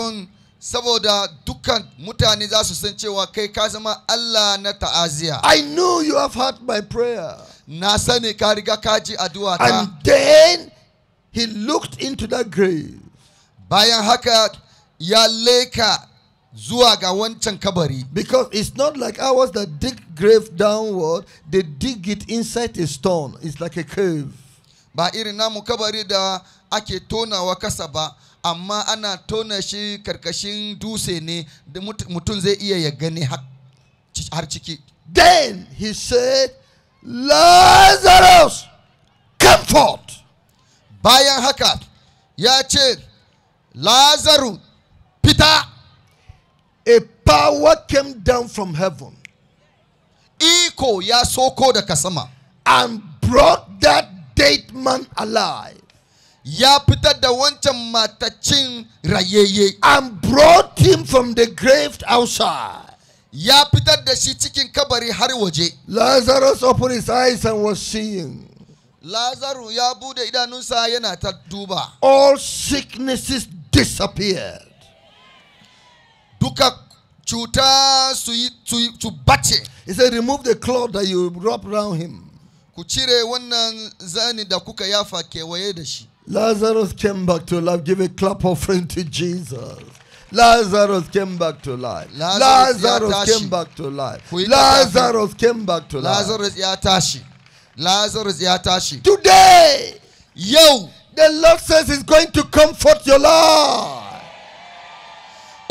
I know you have heard my prayer. And then he looked into that grave. zuwa ga wancan kabari. Because it's not like ours that dig grave downward, they dig it inside a stone. It's like a cave. Ba irin namu kabari da ake tonawa kasa ba, amma ana tona shi karkashin dutse ne da mutum zai iya ya gani har ciki. Then he said, Lazarus, come forth. Bayan haka, ya ce, Lazarus, fita. a power came down from heaven. Iko ya soko kasama. And brought that dead man alive. Ya fitar da wancan matacin rayayye. And brought him from the grave outside. Ya pita da shi cikin kabari har waje. Lazarus opened his eyes and was seeing. Lazaru ya bude idanunsa yana ta duba. All sicknesses disappeared. He said, remove the cloth that you wrap around him. Lazarus came back to life. Give a clap offering to Jesus. Lazarus came back to life. Lazarus, Lazarus came back to life. Lazarus came back to life. Lazarus ya tashi. Lazarus Yatashi. Today, yo, the Lord says he's going to comfort your life.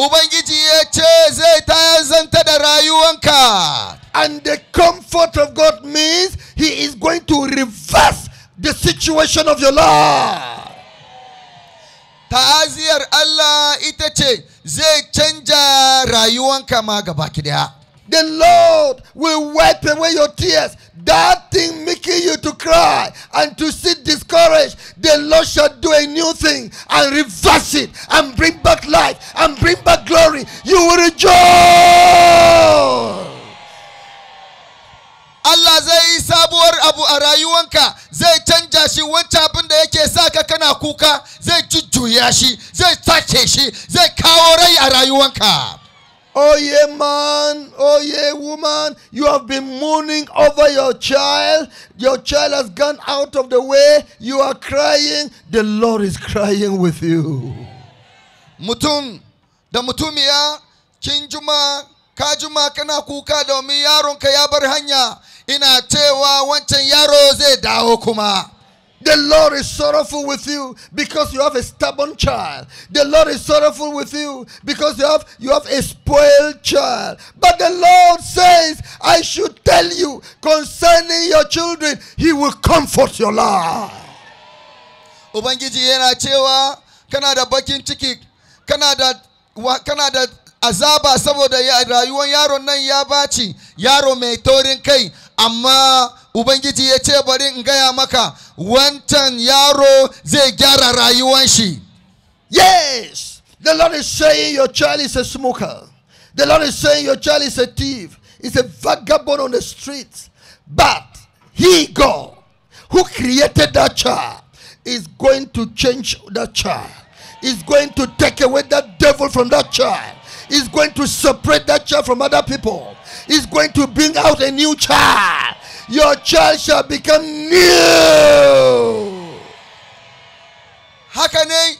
Ubangiji ya ce zai tayazanta da rayuwanka. And the comfort of God means he is going to reverse the situation of your life. Ta'aziyar Allah ita ce zai canja rayuwanka ma gaba ki daya. The Lord will wipe away your tears. That thing making you to cry and to sit discouraged, the Lord shall do a new thing and reverse it and bring back life and bring back glory. You will rejoice. Allah zai yi sabuwar abu a rayuwanka zai canja shi wancan abin da yake saka kana kuka zai jujjuya shi zai sace shi zai kawo rai a rayuwanka. Oh, yeah, man. Oh, yeah, woman. You have been mourning over your child. Your child has gone out of the way. You are crying. The Lord is crying with you. Mutum, da mutumia. kinjuma kajuma kana kuka domin yaronka ya hanya. Ina cewa wancan yaro zai dawo kuma. The Lord is sorrowful with you because you have a stubborn child. The Lord is sorrowful with you because you have you have a spoiled child. But the Lord says, I should tell you concerning your children, he will comfort your life. Ubangiji bakin ciki, kana da kana da azaba saboda rayuwar yaron nan ya baci, yaro mai taurin kai, amma ubangiji ya bari in maka wancan yaro zai gyara shi yes the lord is saying your child is a smoker the lord is saying your child is a thief is a vagabond on the streets but he god who created that child is going to change that child is going to take away that devil from that child is going to separate that child from other people is going to bring out a new child. Your child shall become new. Haka ne,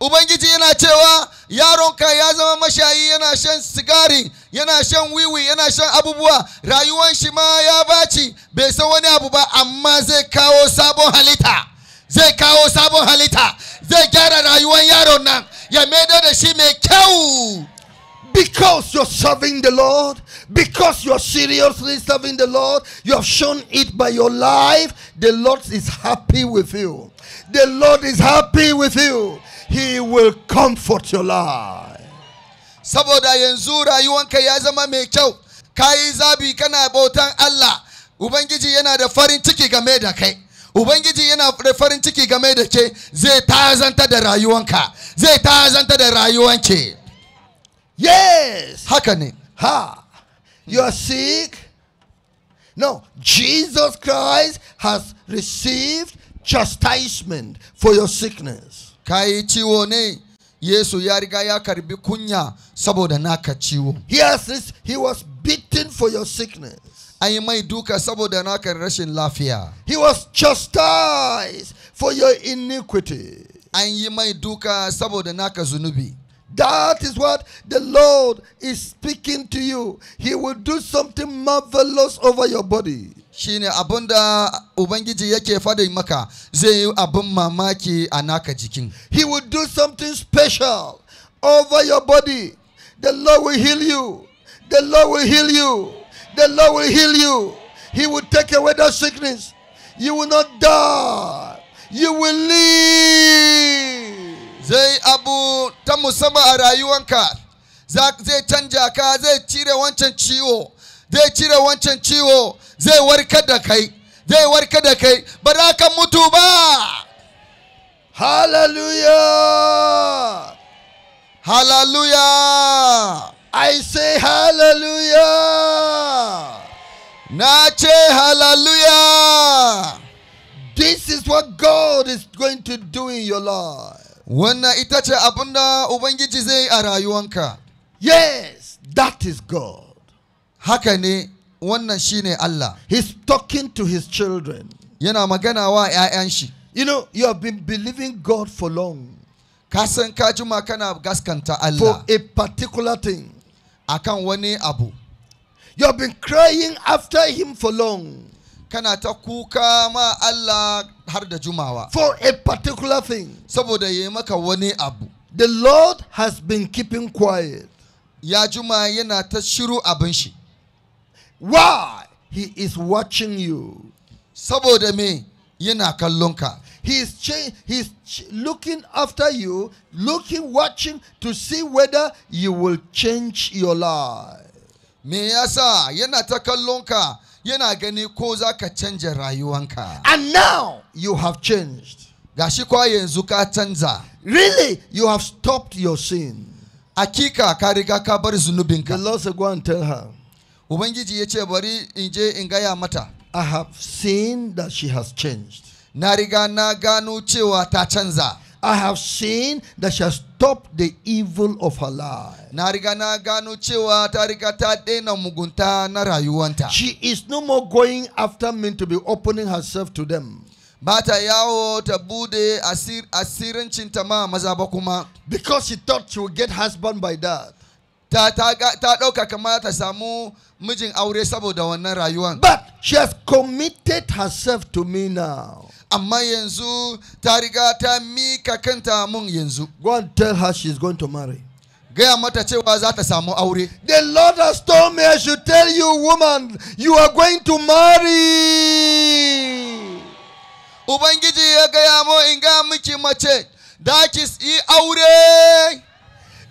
Ubangiji yana cewa yaronka ya zama mashayi yana shan sigari, yana shan wiwi, yana shan abubuwa, rayuwan shi ma ya baci, bai san wani abu ba, amma zai kawo sabon halitta. Zai kawo sabon halitta, zai gyara rayuwan yaron nan, ya maido da shi mai kyau. because you're serving the Lord, because you're seriously serving the Lord, you have shown it by your life, the Lord is happy with you. The Lord is happy with you. He will comfort your life. Saboda yanzu rayuwanka ya zama mai kyau, kayi zabi kana bautan Allah, Ubangiji yana da farin ciki game da kai. Ubangiji yana da farin ciki game da ke zai tazanta da rayuwanka, zai tazanta da rayuwanki. Yes. Happening. Ha. You are sick. No. Jesus Christ has received chastisement for your sickness. Kai ciwo ne. Yesu ya riga ya karbi kunya saboda naka ciwo. He has he was beaten for your sickness. An yi mai duka saboda naka rashin lafiya. He was chastised for your iniquity. An yi mai duka saboda naka zunubi. That is what the Lord is speaking to you. He will do something marvelous over your body. shine Ubangiji yake maka zai mamaki a naka jikin. He will do something special over your body. The Lord will heal you. The Lord will heal you. The Lord will heal you. He will take away that sickness. You will not die. You will live zai abu ta musamman a rayuwanka zai canja ka zai cire wancan ciwo zai cire wancan ciwo zai warkar da kai zai warkar da kai ba za ka mutu ba hallelujah hallelujah i say hallelujah Nache hallelujah this is what god is going to do in your life Wannan itachi abunda abin jize ara zai a Yes, that is God. Hakani wana shine Allah. He's talking to his children. Yana magana wa 'ya'yan anshi. You know, you have been believing God for long. Ka san kana gaskanta Allah. For a particular thing. Akan wani abu. You have been crying after him for long kana ta kuka ma Allah har da jumawa for a particular thing saboda yayi maka wani abu the lord has been keeping quiet ya juma yana ta shiru abin shi why he is watching you saboda me yana kallonka he is he is looking after you looking watching to see whether you will change your life me yasa yana ta kallonka yana gani ko ka canja rayuwanka and now you have changed gashi kwa yanzu ka canza really you have stopped your sin Akika ka riga ka bar zunubinka the lord said go and tell her ubangiji ya bari in gaya mata i have seen that she has changed na riga na gano cewa ta canza I have seen that she has stopped the evil of her life. na riga na gano cewa ta riga ta daina mugunta na rayuwanta she is no more going after men to be opening herself to them ba ta yawo ta bude asirincinta ma maza ba kuma because she thought she would get husband by that ta ta ɗauka kamar ta samu mijin aure saboda wannan rayuwan. But she has committed herself to me now. Amma yanzu ta riga ta mika kanta mun yanzu. Go and tell her she is going to marry. gaya mata cewa za ta samu aure. The Lord has told me I should tell you woman you are going to marry. Ubangiji ya gaya mu in ga miki mace da i yi aure.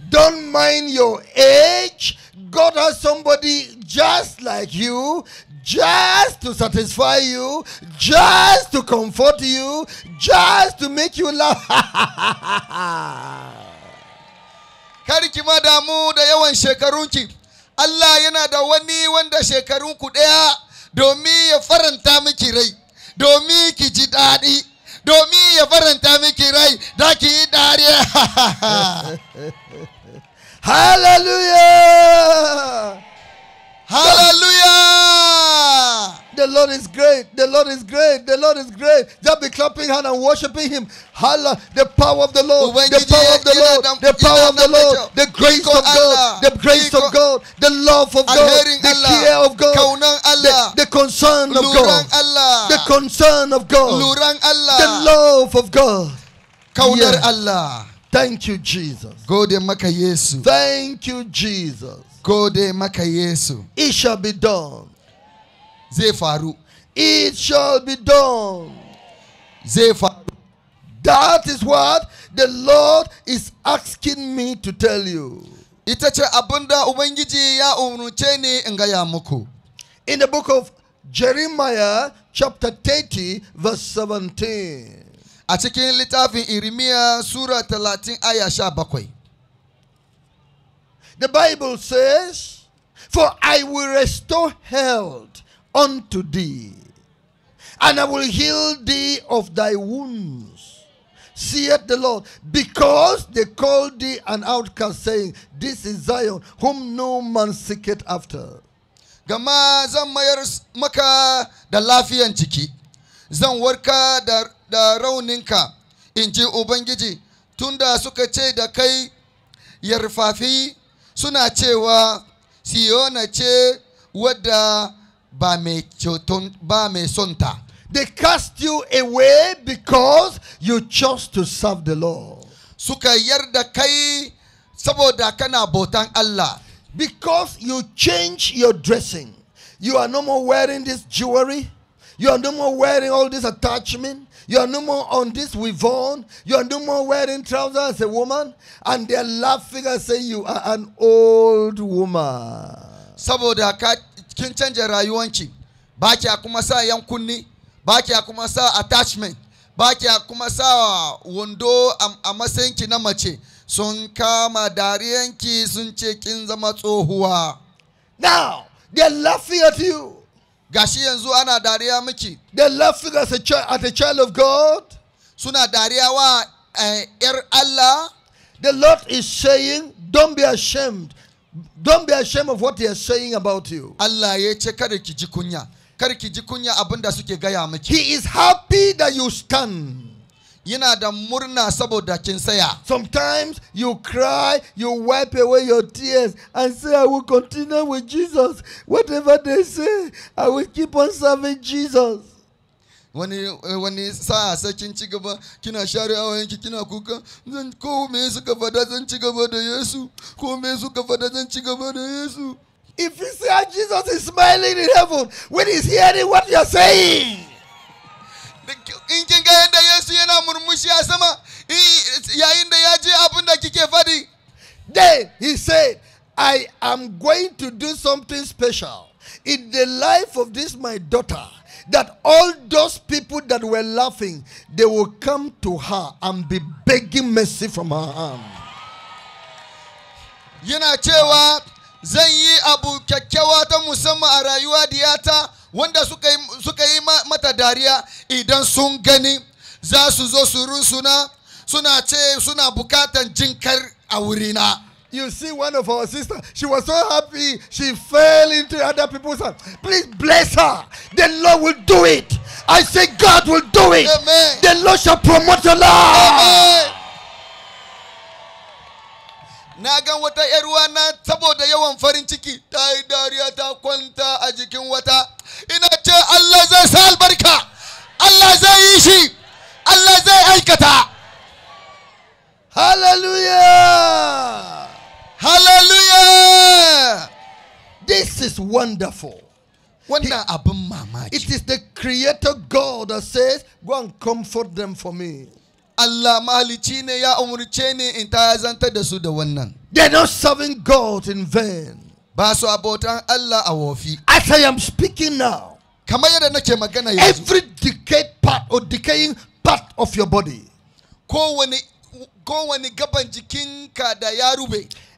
Don't mind your age. God has somebody just like you, just to satisfy you, just to comfort you, just to make you laugh. kar ki ma damu da yawan shekarunki Allah yana da wani wanda shekarunku ɗaya domin ya faranta miki rai domin ki ji daɗi domin ya faranta miki rai da ki yi dariya hallelujah hallelujah The Lord is great. The Lord is great. The Lord is great. Just be clapping hand and worshiping Him. Hallelujah. The power of the Lord. The power of the Lord. The power of the Lord. The grace of God. The grace of God. The love of God. The care of God. The, the concern of God. The concern of God. The love of God. Allah. Thank you, Jesus. Gode Thank you, Jesus. Gode It shall be done. Zepharu. It shall be done. Zepharu. That is what the Lord is asking me to tell you. in In the book of Jeremiah chapter 30 verse 17. A cikin littafin Irmiya Sura 30 aya 17. The Bible says, For I will restore health unto thee, and I will heal thee of thy wounds, saith the Lord, because they called thee an outcast, saying, This is Zion, whom no man seeketh after. Gama zan mayar maka da lafiyan jiki, zan warka da rauninka, in ji Ubangiji, tunda suka ce da kai yarfafi suna cewa Siyona ce wadda they cast you away because you chose to serve the Lord. botan Allah. Because you change your dressing. You are no more wearing this jewelry. You are no more wearing all this attachment. You are no more on this weavon. You are no more wearing trousers as a woman. And they are laughing and saying you are an old woman. Saboda kin canja rayuwanki ba kya kuma sa yankunni ba a kuma sa attachment ba kya kuma sa wando a matsayinki na mace sun kama dariyanki sun ce kin zama tsohuwa now they laughing at you gashi yanzu ana dariya miki they laughing as a child, at a child of god suna dariya wa eh, yar Allah the lord is saying don't be ashamed Don't be ashamed of what they are saying about you. Allah ya ce ki ji kunya. Kada ki ji kunya suke gaya miki. He is happy that you stand. Yana da murna saboda kin Sometimes you cry, you wipe away your tears and say I will continue with Jesus. Whatever they say, I will keep on serving Jesus wani eh, wani sa sakin ci gaba kina share awayenki kina kuka zan ko me suka fada zan ci gaba da Yesu ko me suka fada zan ci gaba da Yesu if you see how Jesus is smiling in heaven when he's hearing what you're saying in kin ga yadda Yesu yana murmushi a sama yayin da ya ji abin da kike faɗi then he said I am going to do something special in the life of this my daughter that all those people that were laughing, they will come to her and be begging mercy from her hand. Yana cewa zan yi abu kyakkyawa ta musamman a rayuwa diyata wanda suka yi mata dariya idan sun gani za su zo su rusuna suna ce suna bukatan jinkar a wurina. You see, one of our sisters, she was so happy, she fell into other people's hands. Please bless her. The Lord will do it. I say, God will do it. Amen. The Lord shall promote your life. Na wata eruana na saboda yawan farin ciki ta yi dariya ta kwanta a jikin wata, ina ce Allah zai sa albarka, Allah zai yi shi, Allah zai aikata. Hallelujah! Hallelujah! This is wonderful. He, it is the creator God that says, Go and comfort them for me. ya They're not serving God in vain. Allah As I am speaking now, Every decayed part or decaying part of your body. gaban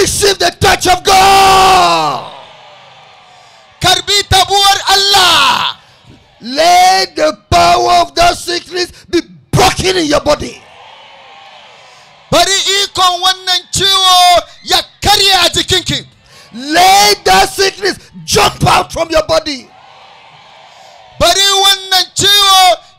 receive the touch of God. Karbita buar Allah. Let the power of that sickness be broken in your body. Bari ikon wannan ciwo ya karya a jikinki. Let that sickness jump out from your body. Bari wannan ciwo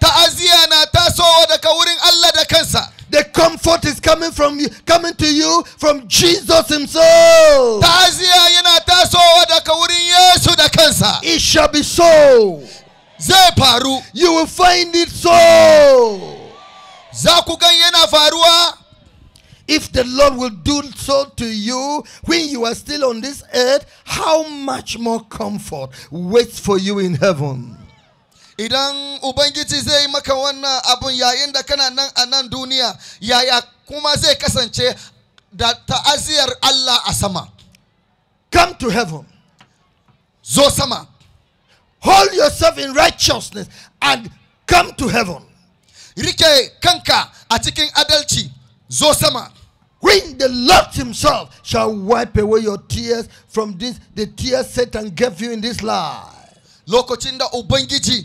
na Allah da kansa The comfort is coming from you, coming to you from Jesus Himself. It shall be so. You will find it so. If the Lord will do so to you when you are still on this earth, how much more comfort waits for you in heaven? idan ubangiji zai yi maka wannan abun yayin da kana nan a nan duniya yaya kuma zai kasance da ta'aziyar Allah a sama come to heaven zo sama hold yourself in righteousness and come to heaven rike kanka a cikin adalci zo sama when the Lord Himself shall wipe away your tears from this, the tears Satan gave you in this life. Lokacin da Ubangiji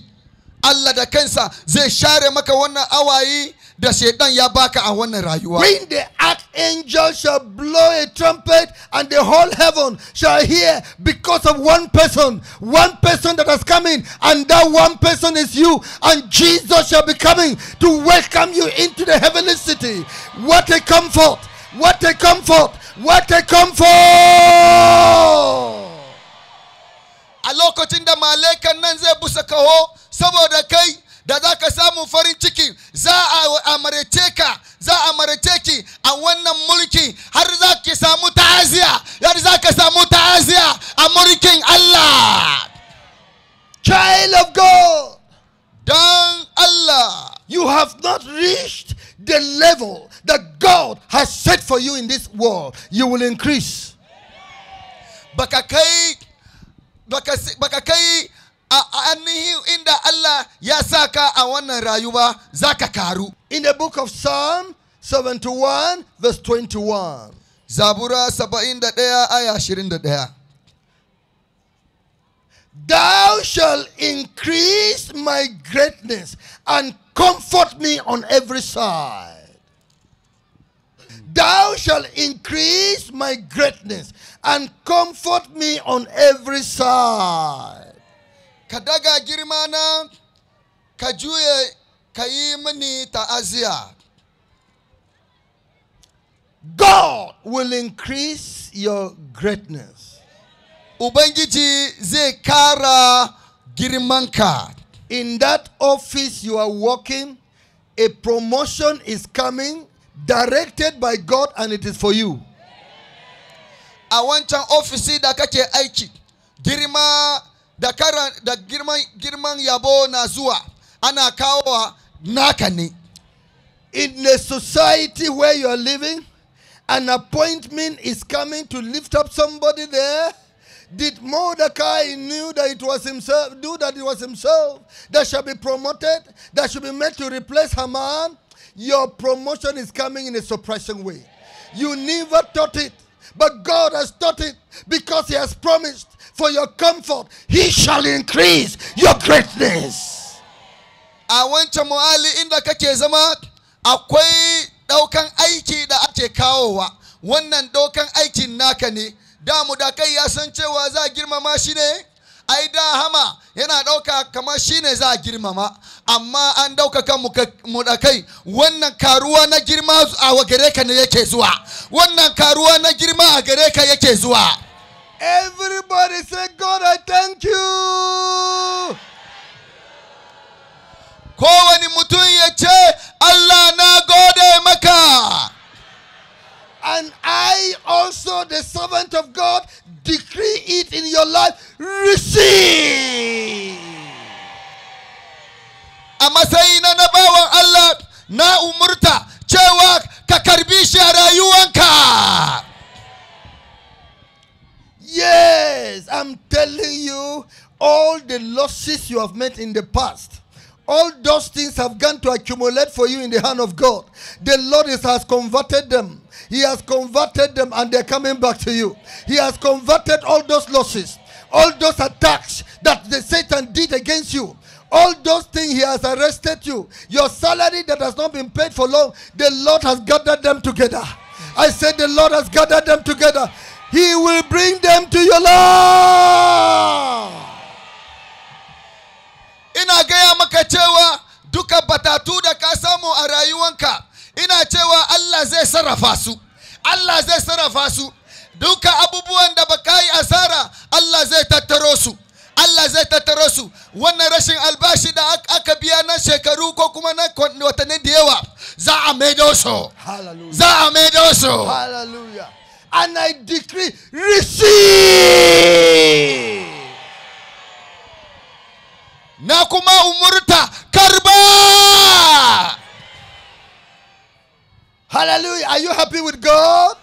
Allah da kansa zai share maka wannan awayi da shaidan ya baka a wannan rayuwa. When the archangel shall blow a trumpet and the whole heaven shall hear because of one person, one person that has come in and that one person is you and Jesus shall be coming to welcome you into the heavenly city. What a comfort! What a comfort! What a comfort! da malaikan nan zai busa kaho saboda kai da samu farin ciki za a ka za a ki a wannan mulki har samu ta'aziya har samu ta'aziya a mulkin Allah child of God dan Allah you have not reached the level that God has set for you in this world you will increase baka kai kai a ainihin inda Allah ya saka a wannan rayuwa zaka karu in the book of psalm 71 verse 21 zabura 71 aya 21 Thou shalt increase my greatness and comfort me on every side. Thou shalt increase my greatness and comfort me on every side. Kadaga daga girmana, ka juye God will increase your greatness. Ubangiji zai kara In that office you are working, a promotion is coming, directed by God, and it is for you a wancan ofisi da kake aiki girma da karan da girman girman yabo na zuwa ana kawowa naka ne in a society where you're living an appointment is coming to lift up somebody there did Mordecai knew that it was himself, knew that it was himself that shall be promoted, that should be made to replace Haman? Your promotion is coming in a surprising way. You never thought it. But God has taught it because He has promised for your comfort, He shall increase your greatness. A wancan mu'ali inda kake zama akwai daukan aiki da ake kawowa. Wannan daukan aikin naka ne. Da mu da kai ya san cewa za girmama shi ne? ai da hama yana ɗauka kamar shine za a girmama amma an ɗaukaka mu da kai wannan karuwa na girma a gare ka ne yake zuwa wannan karuwa na girma a gare ka yake zuwa everybody say god i thank you kowane mutum ya ce allah na gode maka and i also the servant of god decree it in your life receive. A na bawan Allah na umurta chewa ka karbi Yes, I'm telling you, all the losses you have met in the past, all those things have gone to accumulate for you in the hand of God. The Lord is, has converted them. He has converted them and they're coming back to you. He has converted all those losses all those attacks that the Satan did against you, all those things he has arrested you, your salary that has not been paid for long, the Lord has gathered them together. I said the Lord has gathered them together. He will bring them to your Lord. Ina gaya Makachewa, cewa duka batatu da kasamu samu a rayuwanka ina Allah zai fasu Allah zai fasu duka abubuwan da baka yi asara Allah zai tattaro su Allah zai tattaro su wannan rashin albashi da aka biya na shekaru ko kuma na watanni da yawa za a maido su za a maido su hallelujah and I decree receive na kuma umurta karba hallelujah are you happy with God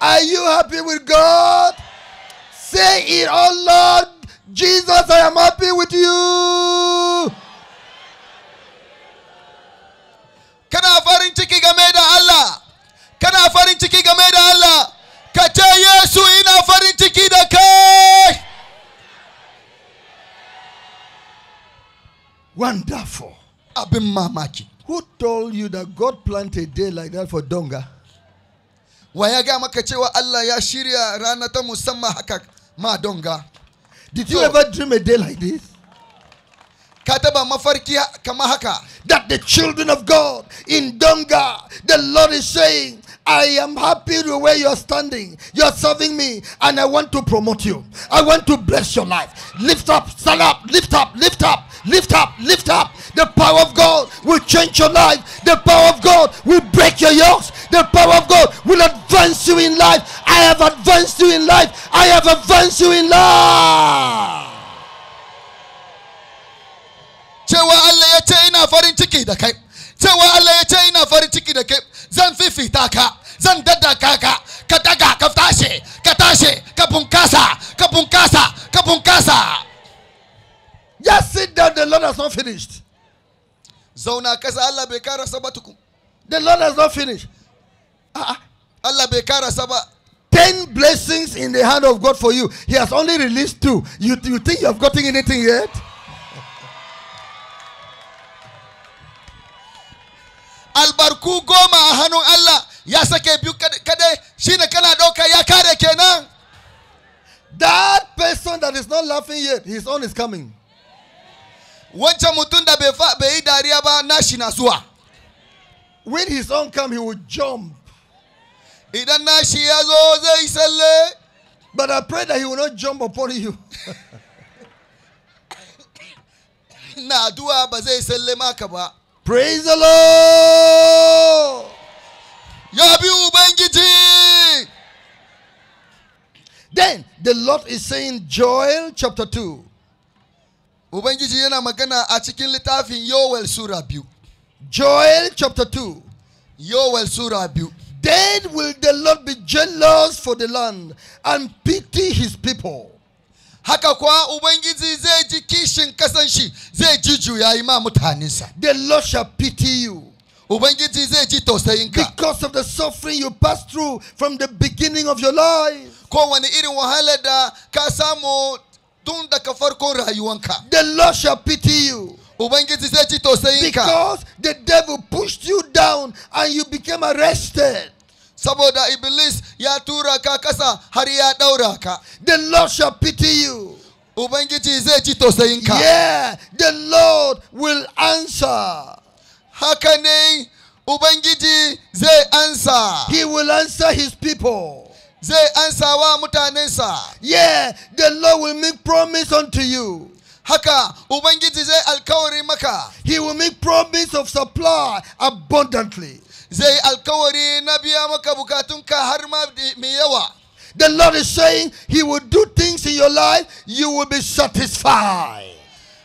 are you happy with God? Say it, oh Lord Jesus, I am happy with you. Kana farin ciki game da Allah. Kana farin ciki game da Allah. Ka Yesu ina farin ciki da kai. Wonderful. Abin mamaki. Who told you that God planted a day like that for Donga? wa ya ga maka cewa Allah ya shirya rana ta musamman haka ma donga did you ever dream a day like this ka taba mafarki kama haka that the children of God in donga the Lord is saying I am happy with where you're standing. You're serving me, and I want to promote you. I want to bless your life. Lift up, stand up, lift up, lift up, lift up, lift up. The power of God will change your life. The power of God will break your yokes. The power of God will advance you in life. I have advanced you in life. I have advanced you in life. Cewa Allah ya ce ina farin ciki da kai. Cewa Allah ya ce ina farin ciki da kai zan fifita ka zan daddaka ka ka daga ka tashi ka tashi ka bunkasa ka just sit down the lord has not finished zona kasa Allah be kara sabatukum the lord has not finished uh-uh. Allah be kara ba 10 blessings in the hand of God for you. He has only released two. You, you think you have gotten anything yet? albarku goma a hannun Allah ya sake biyu kadai shine kana ɗauka ya kare kenan that person that is not laughing yet his own is coming wancan mutum da bai yi dariya ba nashi na zuwa when his own come he will jump idan nashi ya zo zai salle but i pray that he will not jump upon you na addu'a ba zai salle maka ba Praise the Lord. Then the Lord is saying, Joel chapter 2. Ubangiji yena magana a cikin littafin Yowel Joel chapter 2. Yowel surabu. Then will the Lord be jealous for the land and pity his people haka kuwa ubangiji zai ji kishin kasan shi zai ji juya ma mutanensa the lord shall pity you ubangiji zai ji tausayinka because of the suffering you pass through from the beginning of your life kowane irin wahala da ka samu tun daga farkon rayuwanka the lord shall pity you ubangiji zai ji tausayinka because the devil pushed you down and you became arrested Saboda Iblis ya tura ka kasa ya daura The Lord shall pity you. Ubangiji zai ji tausayin Yeah, the Lord will answer. Haka ne Ubangiji zai He will answer his people. Zai ansa wa mutanensa. Yeah, the Lord will make promise unto you. Haka Ubangiji zai alkawari maka. He will make promise of supply abundantly zai alkawari na biya maka bukatunka har ma mai yawa The Lord is saying He will do things in your life, you will be satisfied.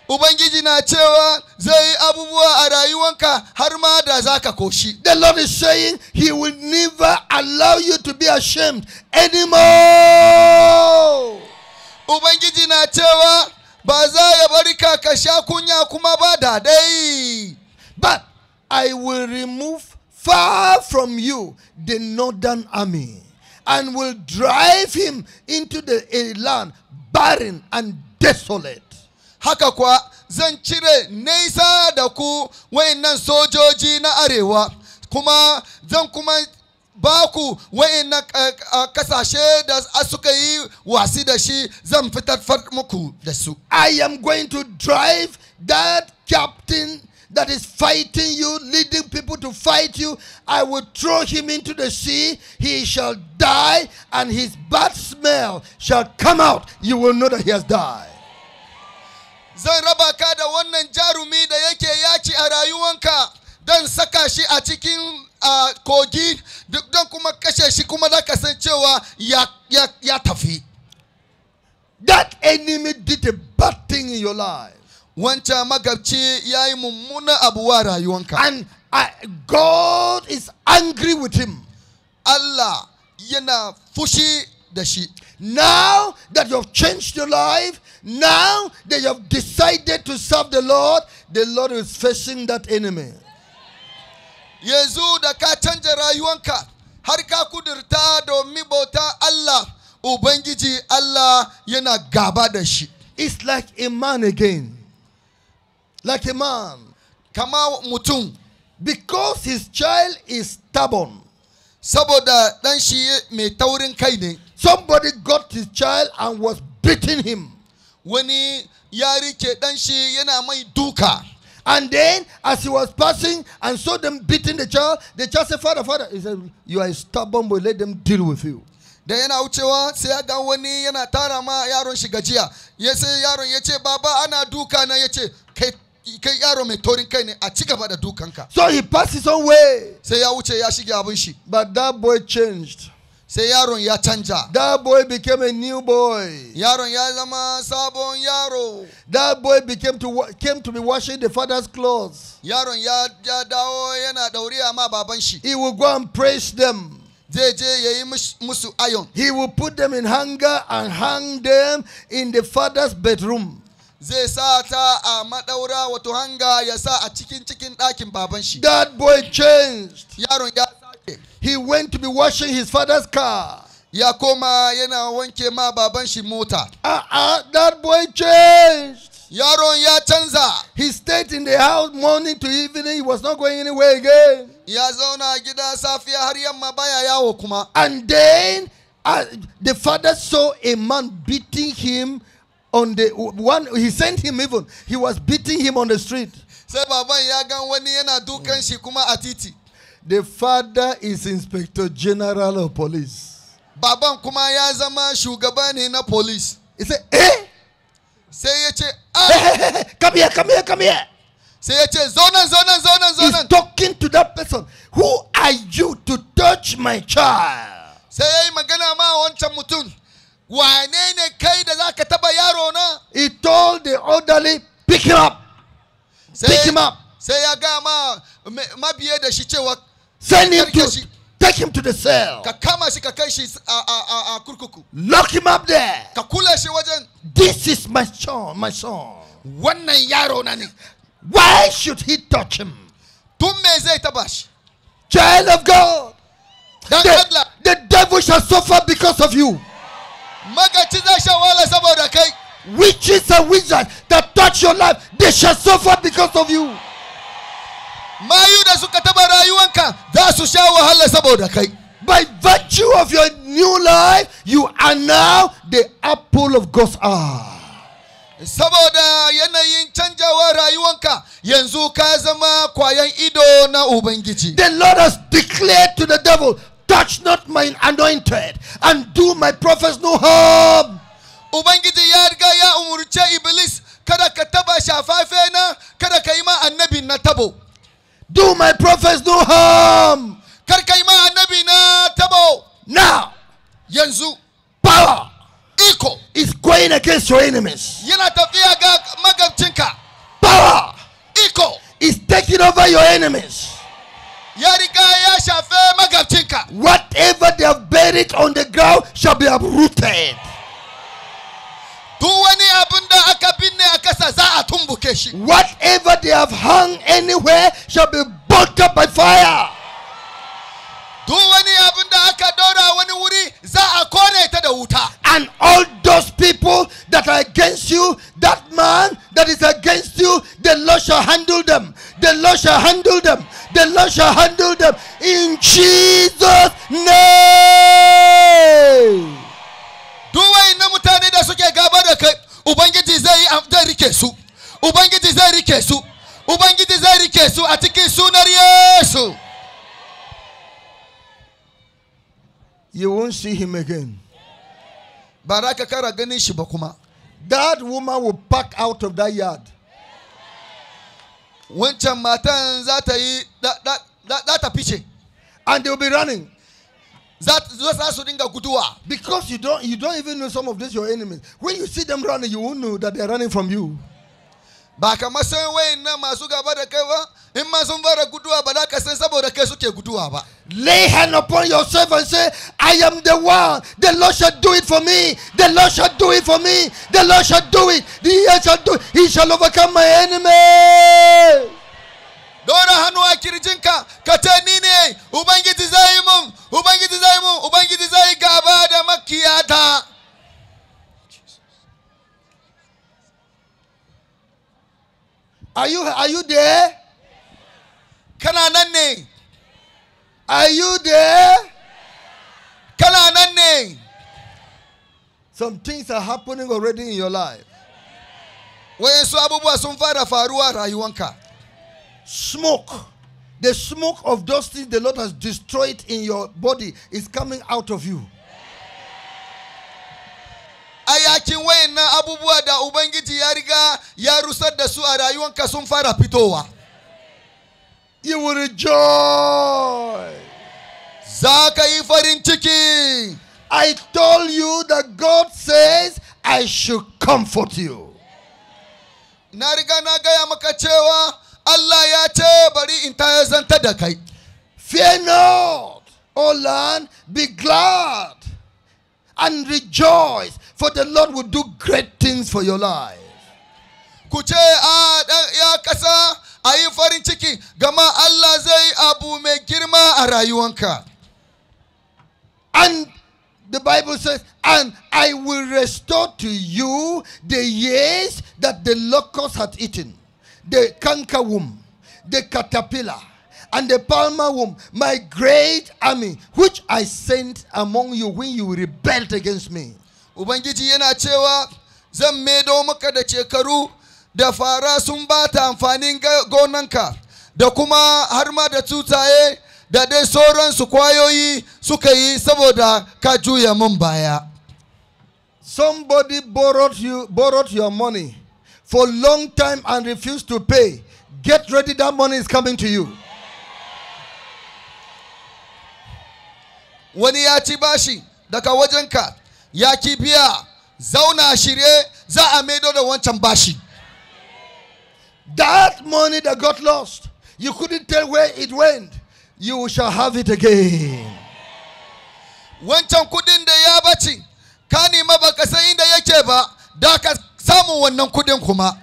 Ubangiji na cewa zai abubuwa a rayuwanka har ma da zaka koshi. The Lord is saying he will never allow you to be ashamed anymore. Ubangiji na cewa ba za ya bari ka ka sha kunya kuma ba da dai. But I will remove far from you the northern army and will drive him into the land barren and desolate. Hakakwa kwa zan cire nesa da ku wayannan sojoji na arewa kuma zan baku ba ku wayannan kasashe da suka yi wasi da shi zan fitar muku da I am going to drive that captain that is fighting you, leading people to fight you, I will throw him into the sea. He shall die, and his bad smell shall come out. You will know that he has died. Zan raba ka da wannan jarumi da yake yaci a rayuwanka don saka shi a cikin kogi don kuma kashe shi kuma da kasancewa ya tafi. That enemy did a bad thing in your life ya and uh, God is angry with him Allah yena fushi deshi. now that you have changed your life now that you have decided to serve the Lord the Lord is facing that enemy yanzu da ka canja rayuwanka har ka kudurta domin Allah ubengiji Allah yena gaba deshi. it's like a man again like a man. Kamau Mutung, Because his child is stubborn. Somebody got his child and was beating him. Wani ya rike dan shi yana mai duka. And then, as he was passing and saw them beating the child, the child said, Father, Father, he said, You are a stubborn boy, let them deal with you. Then yana wucewa sai ya ga wani yana tara ma yaron shigajiya. gajiya ya yaron ya baba ana duka na ya so he passed his own way. But that boy changed. yaron That boy became a new boy. Yaron sabon yaro. That boy became to came to be washing the father's clothes. Yaron He will go and praise them. He will put them in hunger and hang them in the father's bedroom zai sa ta a maɗaura wato hanga ya sa a cikin cikin ɗakin baban shi. That boy changed. Yaron ya sake. He went to be washing his father's car. Ya koma yana wanke ma baban shi mota. Ah ah, that boy changed. Yaron ya canza. He stayed in the house morning to evening. He was not going anywhere again. Ya zauna gida safiya har yamma baya yawo kuma. And then uh, the father saw a man beating him on the one he sent him even he was beating him on the street sai baban ya wani yana dukan shi a titi the father is inspector general of police baban kuma ya zama shugaba na police he said eh sai ya ce ah eh, eh, eh, come here come here come here sai ya ce zo nan zo nan zo nan talking to that person who are you to touch my child sai ya yi magana ma wancan mutum He told the orderly, pick him up. Say, pick him up. Send him to, take him to the cell. Lock him up there. This is my son, my son. Why should he touch him? Child of God. The, the devil shall suffer because of you. Witches and wizards that touch your life, they shall suffer because of you. mayu da suka taba rayuwanka za su sha wahala saboda kai by virtue of your new life you are now the apple of God's eye saboda yanayin canjawa rayuwanka yanzu ka zama kwayan ido na ubangiji the lord has declared to the devil touch not mine anointed and do my prophets no harm. Ubangiji ya riga ya umurce Iblis kada ka taba na kada kaima yi natabo. Do my prophets no harm. Kar kaima yi natabo. Now, yanzu power iko is going against your enemies. Yana tafiya ga magabcinka. Power iko is taking over your enemies. Whatever they have buried on the ground shall be uprooted. Whatever they have hung anywhere shall be burnt up by fire and all those people that are against you that man that is against you the lord shall handle them the lord shall handle them the lord shall handle them in jesus name Do I know da I gaba da kai ubangiji zai zai rike su ubangiji zai rike su ubangiji zai rike yesu you won't see him again. Baraka Karagani Shibokuma. That woman will pack out of that yard. When Chamatan Zatai, that, that, that, that a And they'll be running. That because you don't you don't even know some of these your enemies. When you see them running, you won't know that they're running from you. Bakamasa way na masuga bada kewa in ma sun fara guduwa ba za ka san saboda kai suke guduwa ba lay hand upon yourself and say i am the one the lord shall do it for me the lord shall do it for me the lord shall do it the lord shall do it. he shall overcome my enemy dora hannu a kirjinka ka ce ni ne ubangiji zai yi mun ubangiji zai yi mun ubangiji zai gaba da makiyata Are you, are you there? Kana nan Are you there? Kana nan Some things are happening already in your life. Wayansu abubuwa sun fara faruwa rayuwanka. Smoke. The smoke of those things the Lord has destroyed in your body is coming out of you. Ayakin wayannan abubuwa da Ubangiji ya riga ya rusar da su a rayuwanka sun you will rejoice. Zaka I told you that God says I should comfort you. Fear not, O land, be glad and rejoice, for the Lord will do great things for your life. Ah, are you farin ciki gama Allah zai abu mai girma a rayuwanka. And the Bible says, and I will restore to you the years that the locust had eaten, the cankerworm, the caterpillar, and the palmer worm, my great army, which I sent among you when you rebelled against me. Ubangiji yana cewa zan maido maka da shekaru da fara sun bata amfanin gonanka da kuma har ma da tutaye da dai sauransu kwayoyi suka yi saboda ka juya mun baya. Somebody borrowed, you, borrowed your money for long time and refused to pay. Get ready, that money is coming to you. Wani ya ci bashi daga wajenka ya ki biya zauna shirye za a maido da wancan bashi. That money that got lost, you couldn't tell where it went. You shall have it again. Wancan kudin da ya bace, ka nema baka inda yake ba, da ka samu wannan kudin kuma.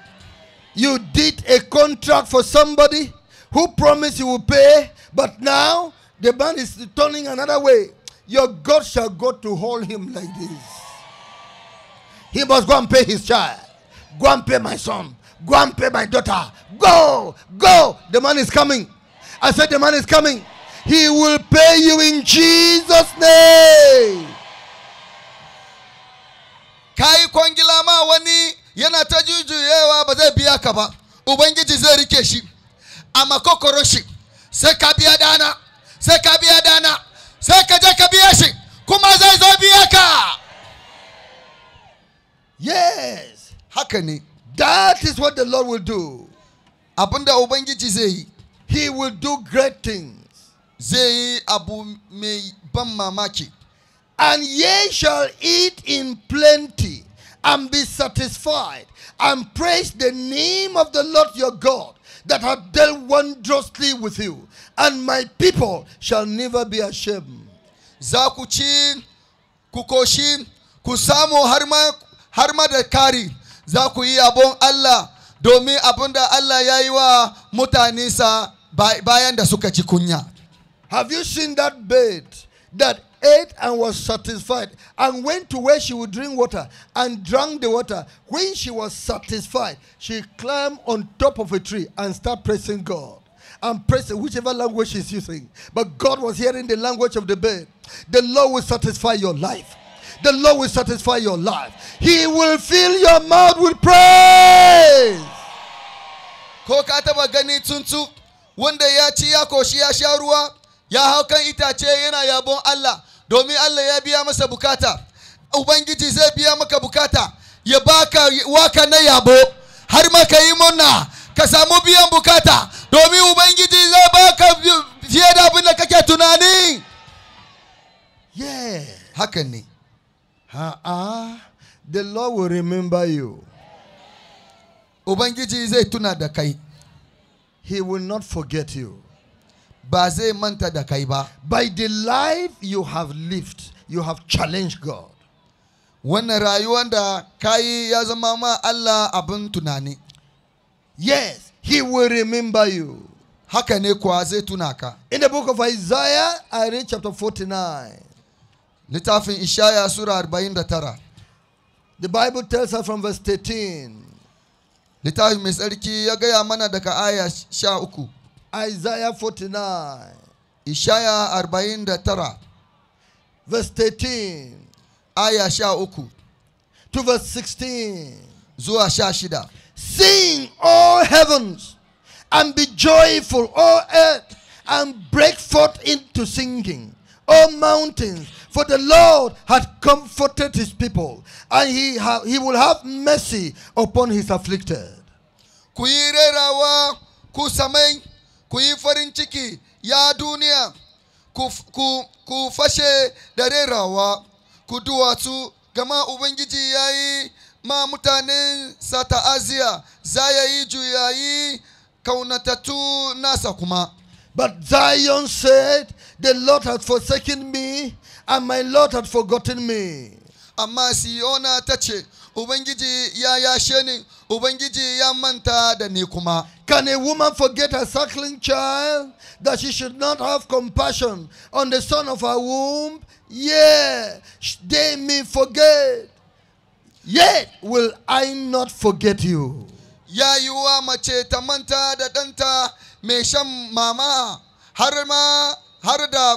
You did a contract for somebody who promised you will pay, but now the man is turning another way. Your God shall go to hold him like this. He must go and pay his child. Go and pay my son. Go and pay my daughter. Go, go. The man is coming. I said, The man is coming. He will pay you in Jesus' name. Kai kwangila ma wani yana ta jujuyewa ba zai biya ka ba. Ubangiji zai rike shi. A makokoro shi. Sai ka biya dana. Sai ka biya dana. Sai ka je ka biya shi. Kuma zai zo biya ka. Yes. Haka ne. That is what the Lord will do. Abunda Ubangiji say, He will do great things. Zai abu mai And ye shall eat in plenty and be satisfied and praise the name of the Lord your God that hath dealt wondrously with you. And my people shall never be ashamed. Zakuchi, kukoshi, kusamo harma, harma de kari za ku yi Allah domin abin Allah ya yi wa mutanensa bayan da suka ci kunya. Have you seen that bird that ate and was satisfied and went to where she would drink water and drank the water? When she was satisfied, she climbed on top of a tree and started praising God. And praising whichever language she's using. But God was hearing the language of the bird. The Lord will satisfy your life. the Lord will satisfy your life. He will fill your mouth with praise. Ko wanda ya ci ya koshi ya sha ruwa ya hau itace yana yabon Allah domin Allah ya biya masa bukata. Ubangiji zai biya maka bukata ya baka waka na yabo har ma ka yi ka samu biyan bukata domin Ubangiji zai baka fiye da abin da kake tunani. Yeah, haka ne. Ah, the Lord will remember you. He will not forget you. By the life you have lived, you have challenged God. wannan rayuwar kai yazamama ya Allah Abuntunani. Yes, he will remember you. Hakane ne tunaka. In the book of Isaiah, I read chapter 49 littafin ishaya sura 49 the bible tells us from verse 13 littafin mai tsarki ya gaya mana daga aya 13 isaiah 49 ishaya 49 verse 13 aya 13 to verse 16 zuwa 16 sing all heavens and be joyful all earth and break forth into singing O mountains, for the Lord had comforted his people, and he, ha- he will have mercy upon his afflicted. kuirerawa kusamai kuyi farin ciki ya duniya ku fashe da rerawa ku duwatsu gama ubangiji ya yi ma mutanen sa ta'aziya za ya yi juyayi kaunatattu nasa kuma but zion said the Lord has forsaken me, and my Lord has forgotten me. Amma ya ya manta Can a woman forget her suckling child that she should not have compassion on the son of her womb? Yeah, they may forget. Yet will I not forget you. Ya da mama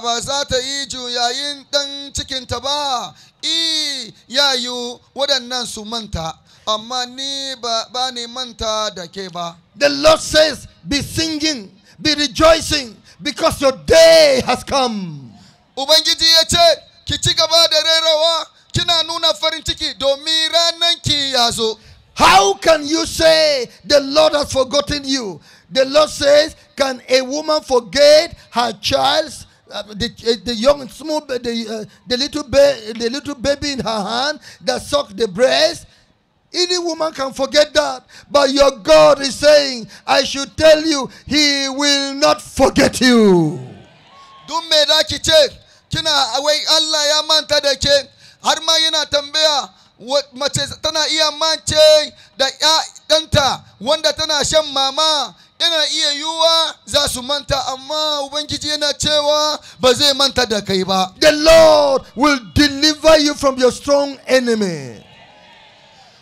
ba za ta yi juyayin cikinta ba i yayu waɗannan su manta amma ni ba ni manta da ke ba the lord says be singing be rejoicing because your day has come ubangiji ya ce ki ci gaba da kina nuna farin ciki domin ranan ki ya zo how can you say the lord has forgotten you the Lord says, Can a woman forget her child, uh, the, uh, the young small the, uh, the little baby, the little baby in her hand that sucked the breast any woman can forget that but your god is saying i should tell you he will not forget you me allah yana tambaya mace tana iya mace da ɗanta wanda tana shan mama yana iya yiwuwa za su manta amma ubangiji yana cewa ba zai manta da kai ba the lord will deliver you from your strong enemy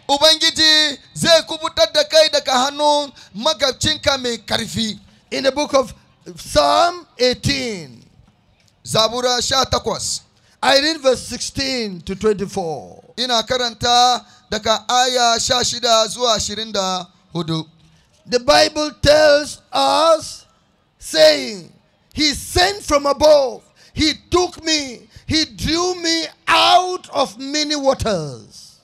ubangiji zai kubutar da kai daga hannun magabcinka mai karfi in the book of psalm 18 zabura 18 i read verse 16 to 24 ina karanta daga aya sha shida zuwa ashirin da hudu. The Bible tells us saying, He sent from above, He took me, He drew me out of many waters.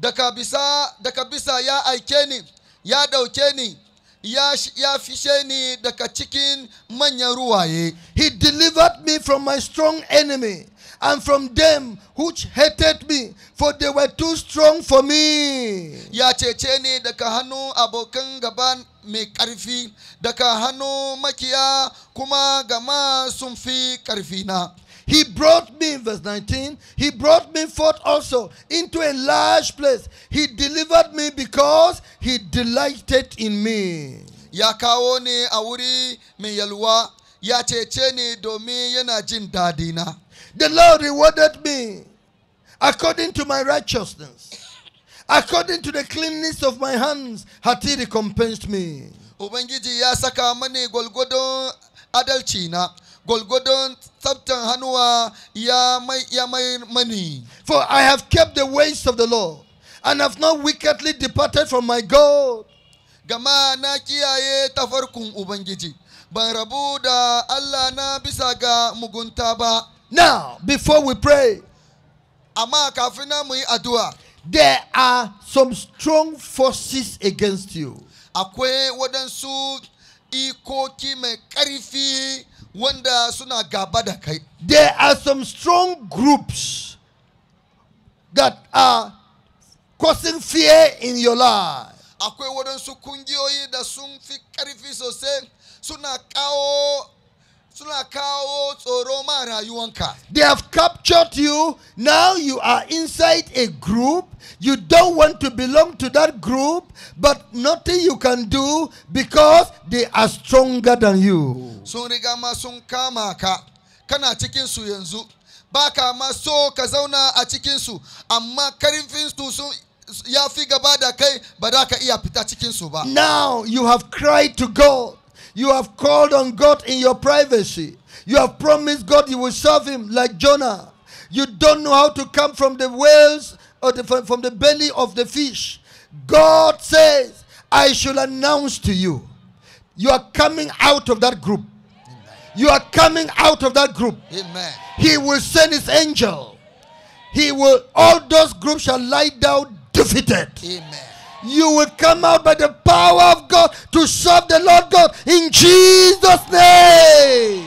Daga bisa, daga bisa ya aike ya dauke ni, ya, ya fishe ni daga cikin manyan ruwaye. He delivered me from my strong enemy and from them which hated me, for they were too strong for me. Ya cece ni daga hannu abokan gaba me karifi, daga hannu makia kuma gama sumfi karifina. He brought me, verse 19, he brought me forth also into a large place. He delivered me because he delighted in me. Ya kawo ni me wuri yalwa, ya cece ni domin yana jin dadina. The Lord rewarded me according to my righteousness. According to the cleanness of my hands hath he recompensed me. Ubangiji ya saka mani gwalgwadon adalci na, gwalgwadon tsabtan hannuwa ya mai ya mai mani. For I have kept the ways of the Lord and have not wickedly departed from my God. Gama na kiyaye tafarkun Ubangiji, ban rabu da Allah na bisa ga mugunta ba. Now, before we pray, there are some strong forces against you. There are some strong groups that are causing fear in your life. Akwe waɗansu kungiyoyi da sun fi se sosai suna kawo they have captured you. Now you are inside a group. You don't want to belong to that group, but nothing you can do because they are stronger than you. ka. Kana cikin su yanzu. Baka ma so ka zauna a cikin su, amma karfin su sun ya fi gaba da kai ba da ka iya fita cikin su ba. Now you have cried to God. You have called on God in your privacy. You have promised God you will serve him like Jonah. You don't know how to come from the whales or the, from the belly of the fish. God says, I shall announce to you. You are coming out of that group. Amen. You are coming out of that group. Amen. He will send his angel. He will, all those groups shall lie down defeated. Amen. you will come out by the power of God to serve the Lord God in Jesus' name.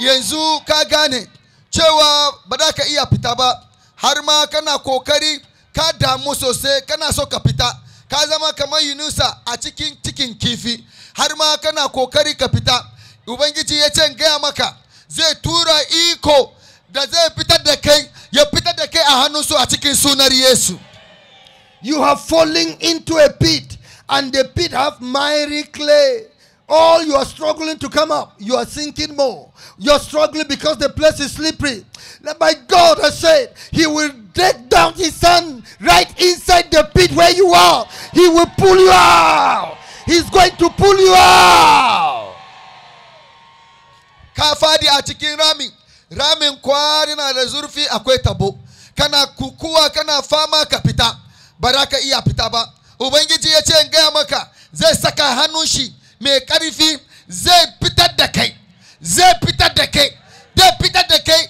Yanzu ka gane cewa ba za ka iya fita ba, har ma kana kokari ka damu sosai kana so ka fita, ka zama kamar Yunusa a cikin cikin kifi, har ma kana kokari ka fita. Ubangiji ya ce gaya maka zai tura iko da zai fitar da kai ya fitar da kai a su a cikin sunar Yesu. You have fallen into a pit, and the pit have miry clay. All you are struggling to come up, you are sinking more. You're struggling because the place is slippery. My God has said, He will take down His Son right inside the pit where you are. He will pull you out. He's going to pull you out. ka fadi a ramin kwari na da zurfi akwai kana kukuwa kana fama kapita. ba za ka iya fita ba ubangiji ya ce in gaya maka zai saka hannun shi mai karfi zai fitar da kai zai fitar da kai zai fitar da kai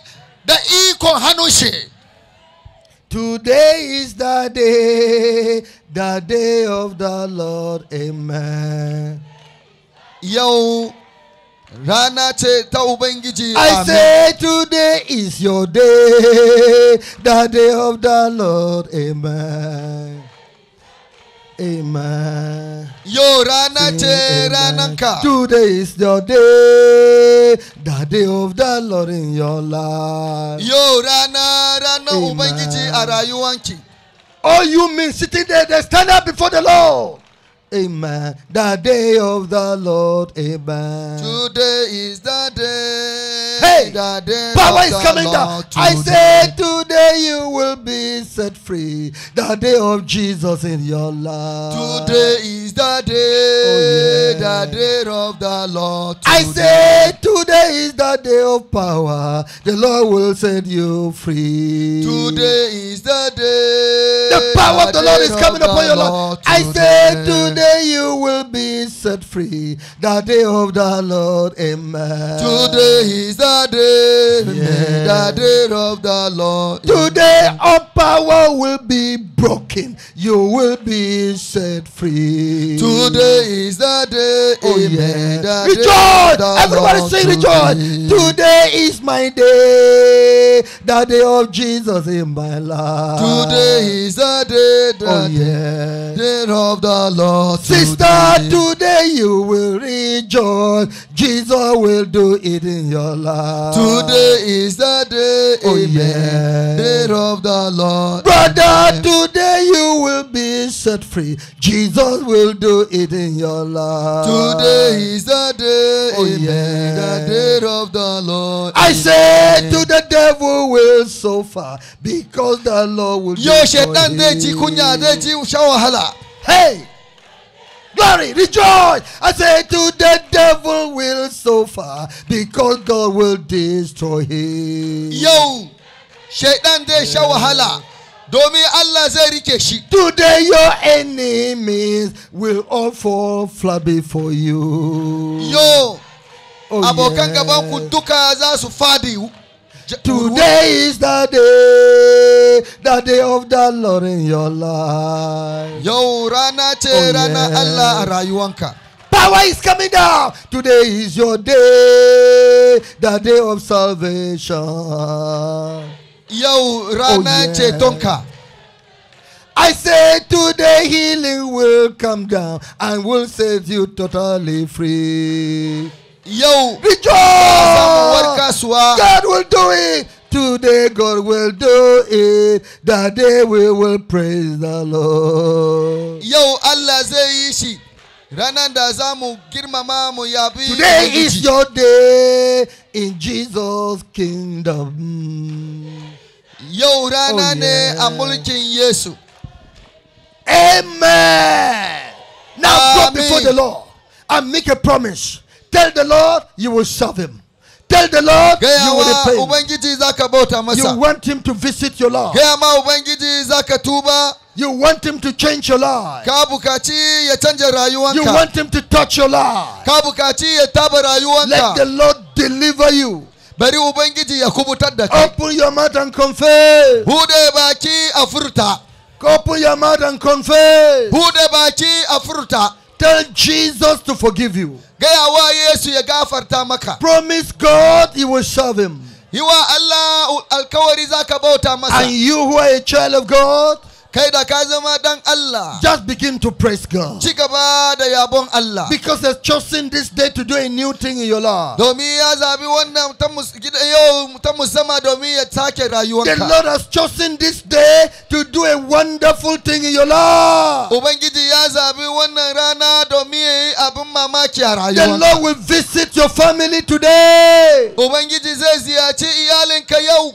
da ikon hannun shi Today is the day, the day of the Lord. Amen. Yau Rana ce ta Ubangiji. I say today is your day, the day of the Lord. Amen. Amen. Yo rana ce rananka. Today is your day, the day of the Lord in your life. Yo rana rana Ubangiji a rayuwanki. All oh, you mean sitting there, they stand up before the Lord. Amen. The day of the Lord. Amen. Today is the day. Hey, the day power is coming Lord down. Today. I say today you will be set free. The day of Jesus in your life. Today is the day. Oh, yeah. The day of the Lord. Today. I say today is the day of power. The Lord will set you free. Today is the day. The power the of the Lord is coming upon your life. I say today Today you will be set free. The day of the Lord, amen. Today is the day, yeah. the day of the Lord. Today all power will be broken. You will be set free. Today is the day, oh, amen. Yeah. rejoice! Everybody Lord say rejoice! Today. today is my day, the day of Jesus in my life. Today is the day, the oh, yeah. day of the Lord. Sister, today. you will rejoice. Jesus will do it in your life. Today is the day, oh, amen. Yeah. Day of the Lord. Brother, amen. today you will be set free. Jesus will do it in your life. Today is the day, oh, amen. Yeah. The day of the Lord. I say to the devil will suffer because the Lord will. Yo, Shetan, Hey! glory, rejoice. I say to the devil will suffer because God will destroy him. Yo, shaitan dai sha wahala. Allah zai rike Today your enemies will all fall flat before you. Yo, oh, abokan gabanku duka za su fadi Today is the day, the day of the Lord in your life. Yau rana ce oh, rana Allah a Power is coming down. Today is your day, the day of salvation. Yau rana oh, ce tonka. I say today healing will come down and will set you totally free. Yo. Rejoice. God will do it. Today God will do it. That day we will praise the Lord. Yo, Allah say yi shi. da girmama mu yabi. Today is your day in Jesus' kingdom. Yo, rana oh, amulichin a Yesu. Amen. Now go before the Lord and make a promise Tell the Lord you will serve him. Tell the Lord you will repay. Ubangiji zaka bauta masa. You want him to visit your life. Gaya ma Ubangiji zaka tuba. You want him to change your life. Ka bukaci ya You want him to touch your life. Ka bukaci ya Let the Lord deliver you. Bari Ubangiji ya kubutar da kai. Open your mouth and confess. Bude baki a furta. Open your mouth and confess. Bude baki a furta. Tell Jesus to forgive you. Promise God He will serve Him. And you who are a child of God. kai da ka zama dan Allah just begin to praise God ci gaba da yabon Allah because has chosen this day to do a new thing in your life domin ya zabi wannan yau ta musamman domin ya take rayuwarka the Lord has chosen this day to do a wonderful thing in your life ubangiji ya zabi wannan rana domin ya abin mamaki a rayuwarka the Lord will visit your family today ubangiji zai ziyarci iyalinka yau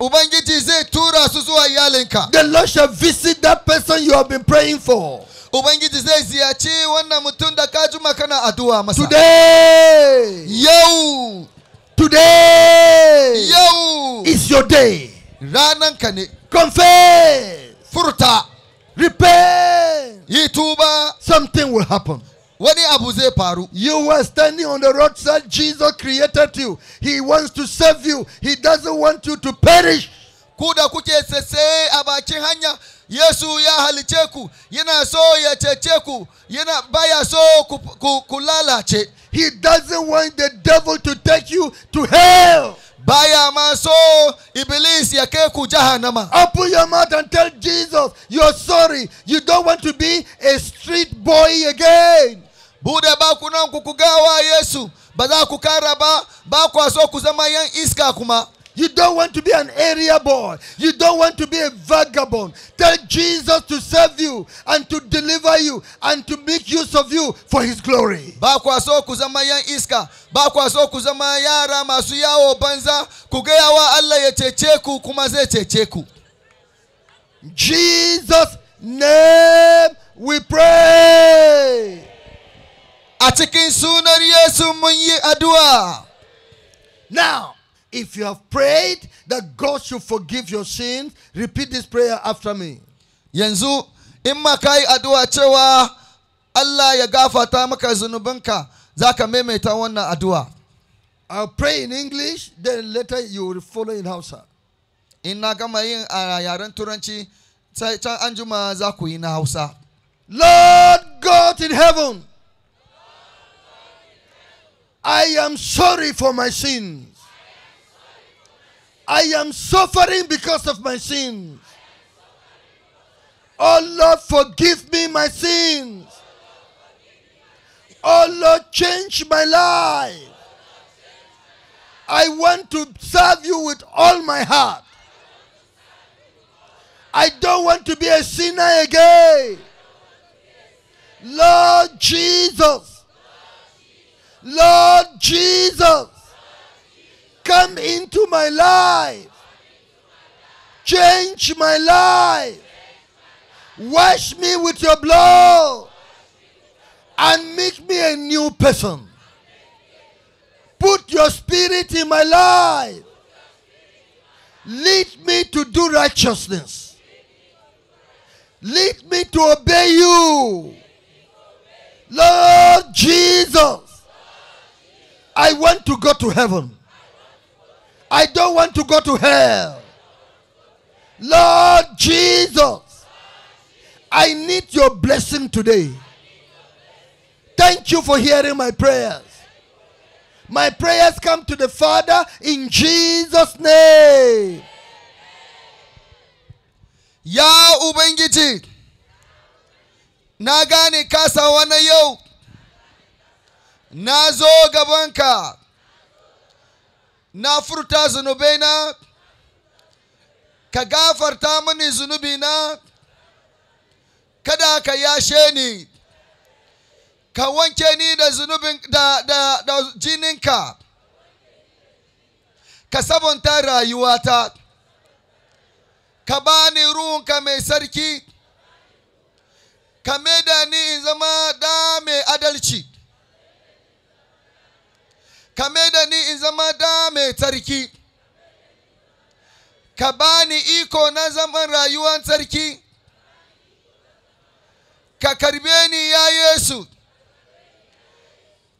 Ubangiji zai tura su zuwa iyalinka. The Lord shall visit that person you have been praying for. Ubangiji zai ziyarci wannan mutum da ka juma kana addu'a masa. Today. Yau. Today. Yau. Is your day. Ranan ka ne. Confess. Furta. Repent. Yi tuba. Something will happen. You were standing on the roadside. Jesus created you. He wants to save you. He doesn't want you to perish. kuda kuke sese a yesu ya halice ku so ya cece ku yana baya so ku lalace he doesn't want the devil to take you to hell baya maso so ya kai ku jahannama open your mouth and tell jesus you're sorry you don't want to be a street boy again bude ba kunan ku ku gawa yesu ba ba ba ku so ku zama yan iska kuma You don't want to be an area boy. You don't want to be a vagabond. Tell Jesus to serve you and to deliver you and to make use of you for his glory. Bakwa so kuzama yan iska, bakwa so kuzama yara masu yawo banza, ku ga yawa Allah ya kumaze ku kuma zai cece Jesus name we pray. A cikin sunar Yesu mun yi addu'a. Now, if you have prayed that God should forgive your sins, repeat this prayer after me. Yanzu in ma kai addu'a cewa Allah ya gafata maka zunubinka, zaka maimaita wannan adua. I'll pray in English, then later you will follow in Hausa. In na gama yin a yaren Turanci, sai can anjuma za ku yi na Hausa. Lord God in heaven. I am sorry for my sins. I am suffering because of my sins. Oh Lord, forgive me my sins. Oh Lord, change my life. I want to serve you with all my heart. I don't want to be a sinner again. Lord Jesus, Lord Jesus, come into my life. Change my life. Wash me with your blood and make me a new person. Put your spirit in my life. Lead me to do righteousness. Lead me to obey you. Lord Jesus, I want to go to heaven. I don't want to go to hell. Lord Jesus, I need your blessing today. Thank you for hearing my prayers. My prayers come to the Father in Jesus' name. Ya ubengiti. na gane kasawa na na zo gabanka na furta zunubaina ka gafarta mini zunubina kada ka yashe ni ka wanke ni da zunubin da, da, da jininka ka sabunta rayuwata ka bani ruhunka mai sarki ka maida ni zama da mai adalci kame da ni in zama da mai tsarki ka bani iko na zaman rayuwan tsarki ka karbe ni ya yesu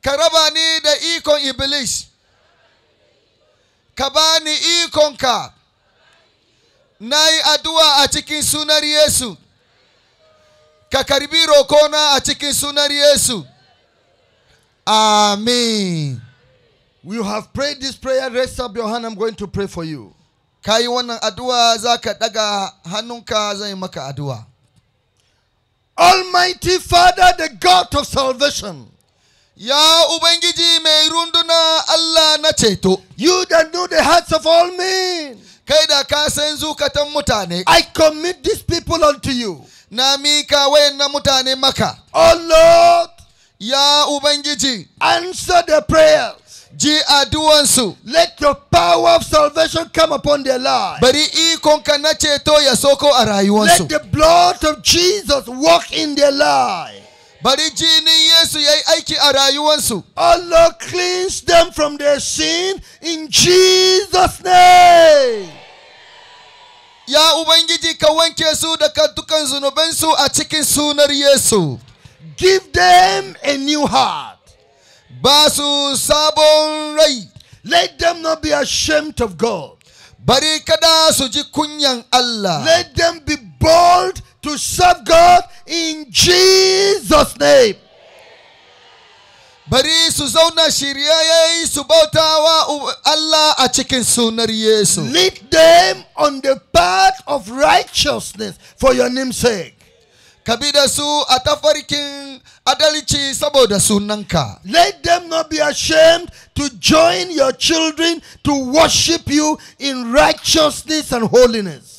ka raba ni da ikon iblis ka bani ikonka na yi addu'a a cikin sunar yesu ka karbi rokona a cikin sunar yesu amin You have prayed this prayer. Raise up your hand. I'm going to pray for you. Kai wannan addu'a zaka daga hannunka zan maka addu'a. Almighty Father, the God of salvation. Ya mai runduna Allah na ceto. You that know the hearts of all men. Kai da ka san zukatan mutane. I commit these people unto you. Na mika wayannan mutane maka. Oh Lord. Ya Answer the prayers. Let your power of salvation come upon their lives. Let the blood of Jesus walk in their lives. bari jinin Yesu ya yi aiki a rayuwansu. Allah cleans them from their sin in Jesus name. Ya Ubangiji ka wanke su daga dukan sunar Yesu. Give them a new heart. Basu sabon Let them not be ashamed of God. Barikada suji kunyang Allah. Let them be bold to serve God in Jesus name. Bari su zauna shiryaye su Allah a cikin sunar Yesu. Lead them on the path of righteousness for your name's sake. Kabida su a tafarkin adalci saboda sunanka. Let them not be ashamed to join your children to worship you in righteousness and holiness.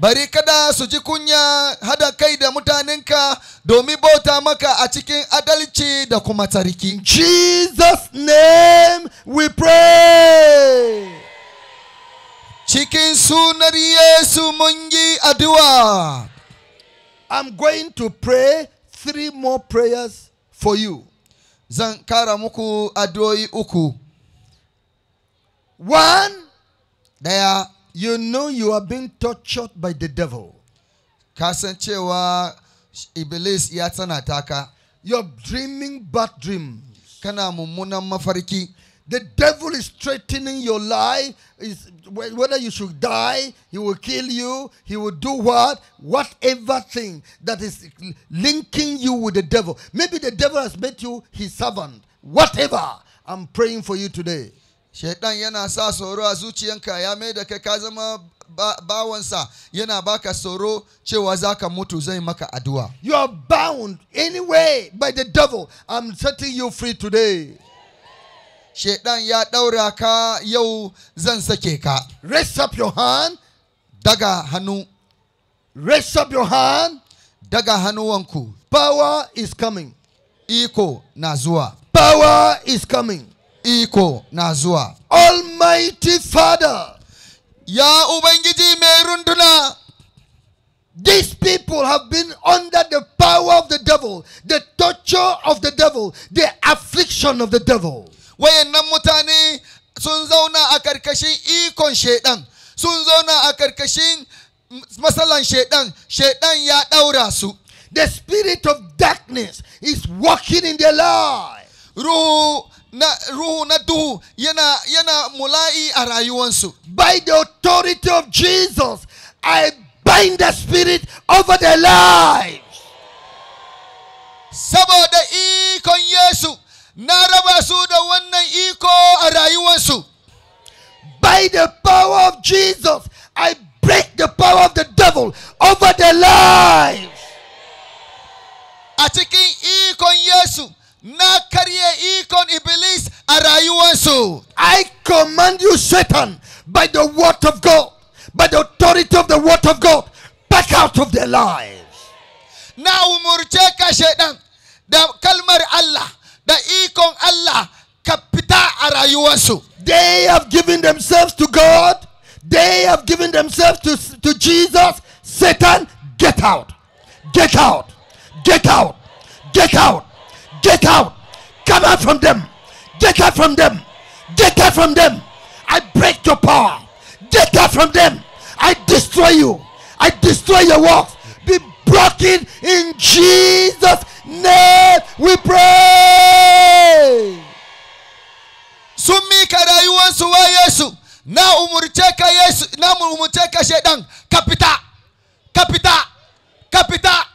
Bari kada su ji kunya hada kai da mutanenka domin bauta maka a cikin adalci da kuma tsarki. Jesus name we pray. Cikin sunar Yesu mun yi addu'a. I'm going to pray three more prayers for you. Zan kara muku adoi uku. One, there you know you are being tortured by the devil. Kasanchewa Iblis Yatanataka. You're dreaming bad dreams. Kana mumuna mafariki. The devil is threatening your life. Is whether you should die, he will kill you, he will do what? Whatever thing that is linking you with the devil. Maybe the devil has made you his servant. Whatever. I'm praying for you today. Shaitan yana sa tsoro a zuciyanka ya mai da kai ka zama bawansa yana baka cewa mutu zai maka addu'a. You are bound anyway by the devil. I'm setting you free today shedan ya daura ka yau zan sake ka raise up your hand daga Hanu. raise up your hand daga wanku power is coming iko na zuwa power is coming iko na zuwa almighty father ya ubangiji mai These people have been under the power of the devil, the torture of the devil, the affliction of the devil wayannan mutane sun zauna a karkashin ikon shaidan sun zauna a karkashin masalan shaidan shaidan ya daura su the spirit of darkness is walking in their life ruhu na ruhu na duhu yana yana mula'i a rayuwansu by the authority of Jesus I bind the spirit over their lives saboda ikon Yesu na raba su da wannan iko a rayuwarsu by the power of Jesus I break the power of the devil over their lives a cikin ikon Yesu na karye ikon Iblis a rayuwarsu I command you Satan by the word of God by the authority of the word of God back out of their lives na umurce ka Shaitan, da kalmar Allah da ikon Allah a rayuwarsu. They have given themselves to God. They have given themselves to, to Jesus. Satan, get out. Get out. Get out. Get out. Get out. Come out from them. Get out from them. Get out from them. I break your power. Get out from them. I destroy you. I destroy your works. Be broken in Jesus' name we pray sumika mika rayuwansu wa Yesu na umurce ka Yesu na umurce ka shedan kapita kapita kapita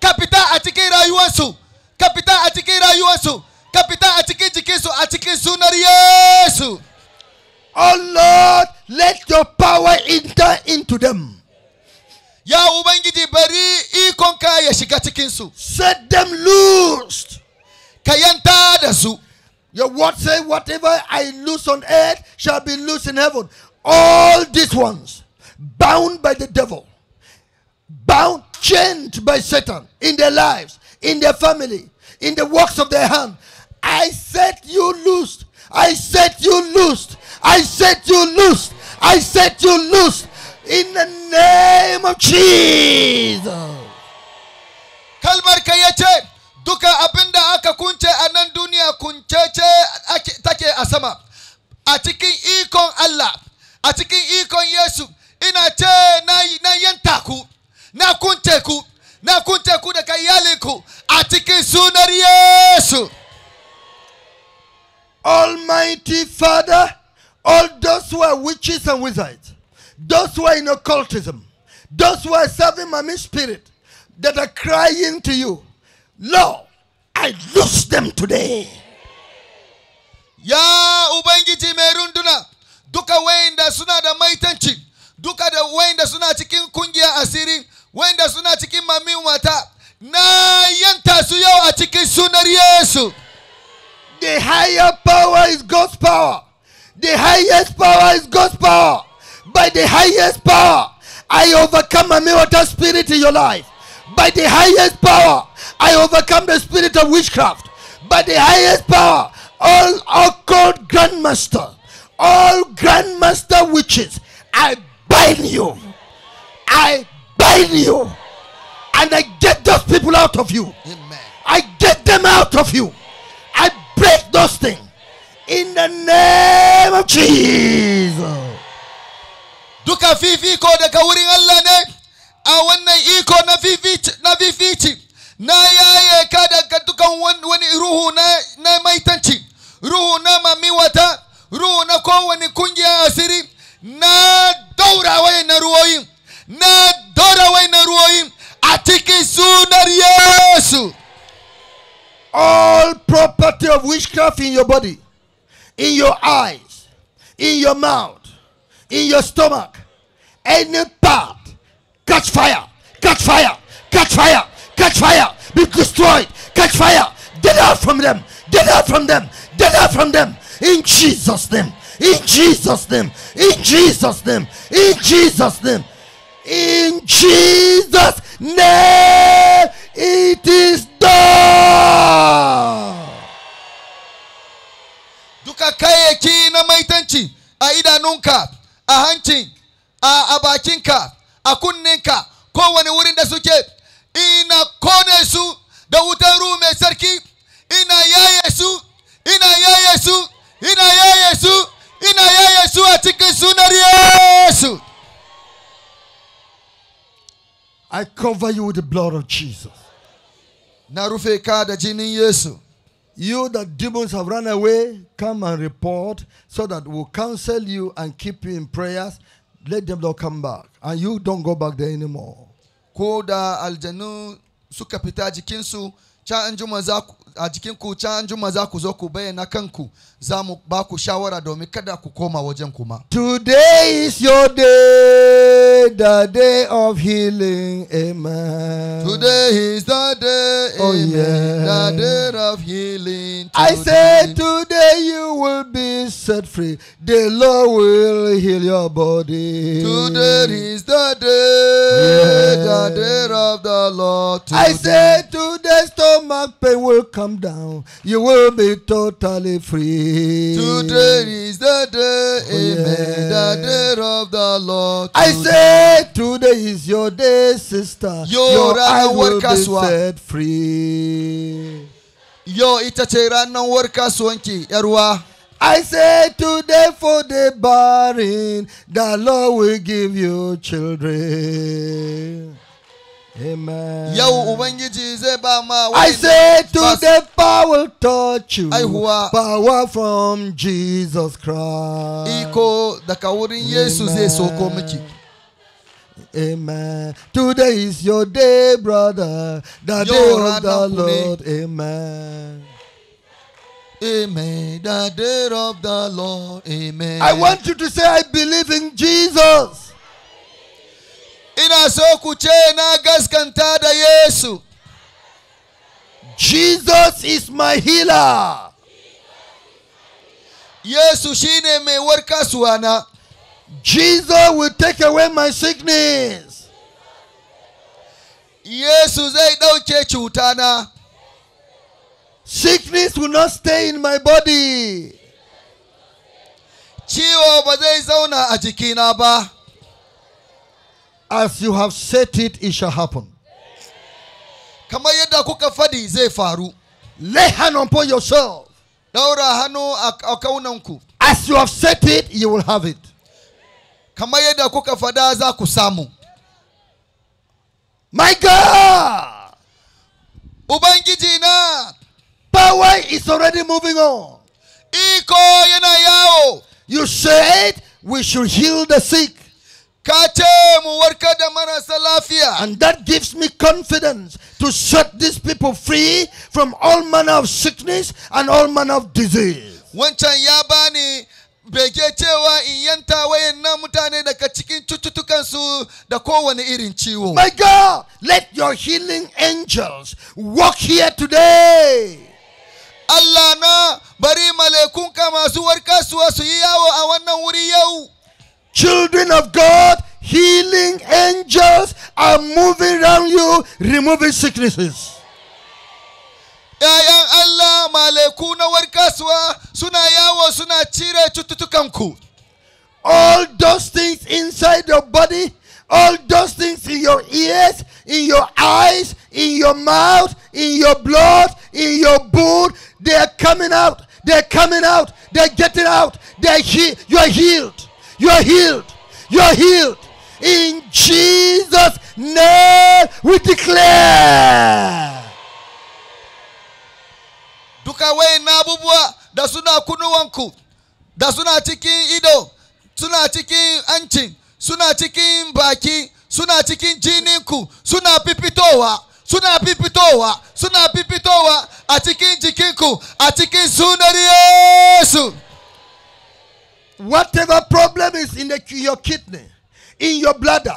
kapita ka fita ka fita a cikin rayuwarsu ka fita a cikin rayuwarsu ka a cikin jikinsu a cikin sunar Yesu Oh Lord, let your power enter into them. Ya Ubangiji bari ikonka ya shiga cikinsu. Set them loose. Ka yanta da su. Your word say whatever I loose on earth shall be loose in heaven. All these ones bound by the devil, bound, chained by Satan in their lives, in their family, in the works of their hand. I set you loose. I set you loose. I set you loose. I set you loose. in the name of Jesus. Kalmar kai ce, Duka abinda aka kunce a nan duniya kunce ce take a sama, a cikin ikon Allah, a cikin ikon Yesu, ina ce na yanta ku, na kunce ku, na kunce ku daga iyalinku a cikin sunar Yesu. Almighty Father, all those who are witches and wizards. Those who are in occultism, those who are serving Mami spirit, that are crying to you, Lord, I lose them today. Ya Ubangiji mai runduna, duka wenda suna da tenchi. duka da wenda suna chikin kungiya asiri, Wenda suna chikin mami umata. na yenta suyo achikin a cikin sunar Yesu. The higher power is God's power. The highest power is God's power. By the highest power, I overcome a mortal spirit in your life. By the highest power, I overcome the spirit of witchcraft. By the highest power, all occult grandmaster, all grandmaster witches, I bind you. I bind you. And I get those people out of you. Amen. I get them out of you. I break those things. In the name of Jesus duka fifiko daga wurin Allah ne a wannan iko na fifici na yaye ka dukan wani ruhu na maitanci ruhu na mamiwata ruhu na kungiya asiri na daura wai na na daura wai na a cikin sunar Yesu all property of witchcraft in your body in your eyes in your mouth in your stomach, any part, catch fire, catch fire, catch fire, catch fire, be destroyed, catch fire, get out from them, get out from them, get out from them, in Jesus' name, in Jesus' name, in Jesus' name, in Jesus' name, in Jesus' name, it is done. Duka aqui na maitanci ainda nunca. a hunting. a bakinka a kunninka kowane wurin da suke ina kone su da wutan ruhu mai sarki ina yaye su ina yaye su ina yaye su ina yaye su a cikin sunar Yesu I cover you with the blood of Jesus. Na rufe ka da jinin Yesu. You that demons have run away, come and report so that we'll counsel you and keep you in prayers. Let them not come back. And you don't go back there anymore. Ko da aljanu suka fita jikinsu, can an juma za a jikinku can an za ku zo ku bayyana kanku za mu ba ku shawara domin kada ku koma wajen kuma. Today is your day. Today, the day of healing. Amen. Today is the day. Oh, amen. Yeah. The day of healing. Today. I say, today you will be set free. The Lord will heal your body. Today is the day. Yeah. The day of the Lord. Today. I say, today stomach pain will come down. You will be totally free. Today is the day. Oh, amen. Yeah. The day of the Lord. Today. I say, Today, today is your day, sister. your your ranar be set free. Yo, ita ce ranar warkaswanki, yarwa. I say today for the barren, the Lord will give you children. Amen. Yau Ubangiji zai ba ma I say today the power touch you. Aihuwa. Power from Jesus Christ. Iko daga wurin Yesu zai soko miki. Amen. Today is your day, brother. The Yo day of the Lord. Amen. Amen. The day of the Lord. Amen. I want you to say, I believe in Jesus. Ina so kuce na kanta da Yesu. Jesus is my healer. Yesu shine mai warkaswa na. Jesus will take away my sickness. Yesu zai ɗauke cutana. Sickness will not stay in my body. Ciwo ba zai zauna a ba. As you have said it, it shall happen. Kamar yadda kuka fadi faru. Lay hand upon yourself. Daura hano a kaunanku. As you have said it, you will have it kama yadda kuka ku my god ubangiji na power is already moving on iko you said we should heal the sick and that gives me confidence to set these people free from all manner of sickness and all manner of disease bege cewa in yanta wayannan mutane daga cikin cututtukansu da kowane irin ciwo. My God, let your healing angels walk here today. Allah na bari mala'ikunka masu warkaswa su yi yawo a wannan wuri yau. Children of God, healing angels are moving around you, removing sicknesses. Allah malaiku na warkaswa suna yawo suna cire cututtukanku. All those things inside your body, all those things in your ears, in your eyes, in your mouth, in your blood, in your blood, they are coming out. They're coming out. They're getting out. They're he- you're healed. You're healed. You're healed. In Jesus' name, we declare da suna kunuwanku da suna cikin ido suna cikin suna cikin baki suna cikin jininku suna suna suna a cikin jikinku a cikin sunar Yesu. Whatever problem is in, the, in your kidney, in your bladder,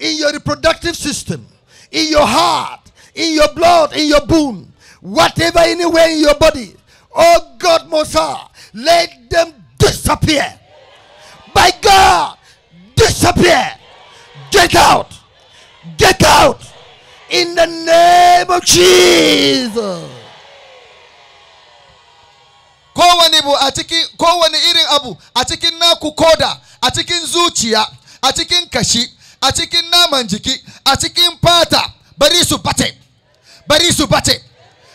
in your reproductive system, in your heart, in your blood, in your bone, Whatever anywhere in your body, oh God, Moses, let them disappear. By God, disappear. Get out. Get out. In the name of Jesus. kowane bu a cikin kowane irin abu a atikin naku atikin a atikin kashi a cikin naman jiki a cikin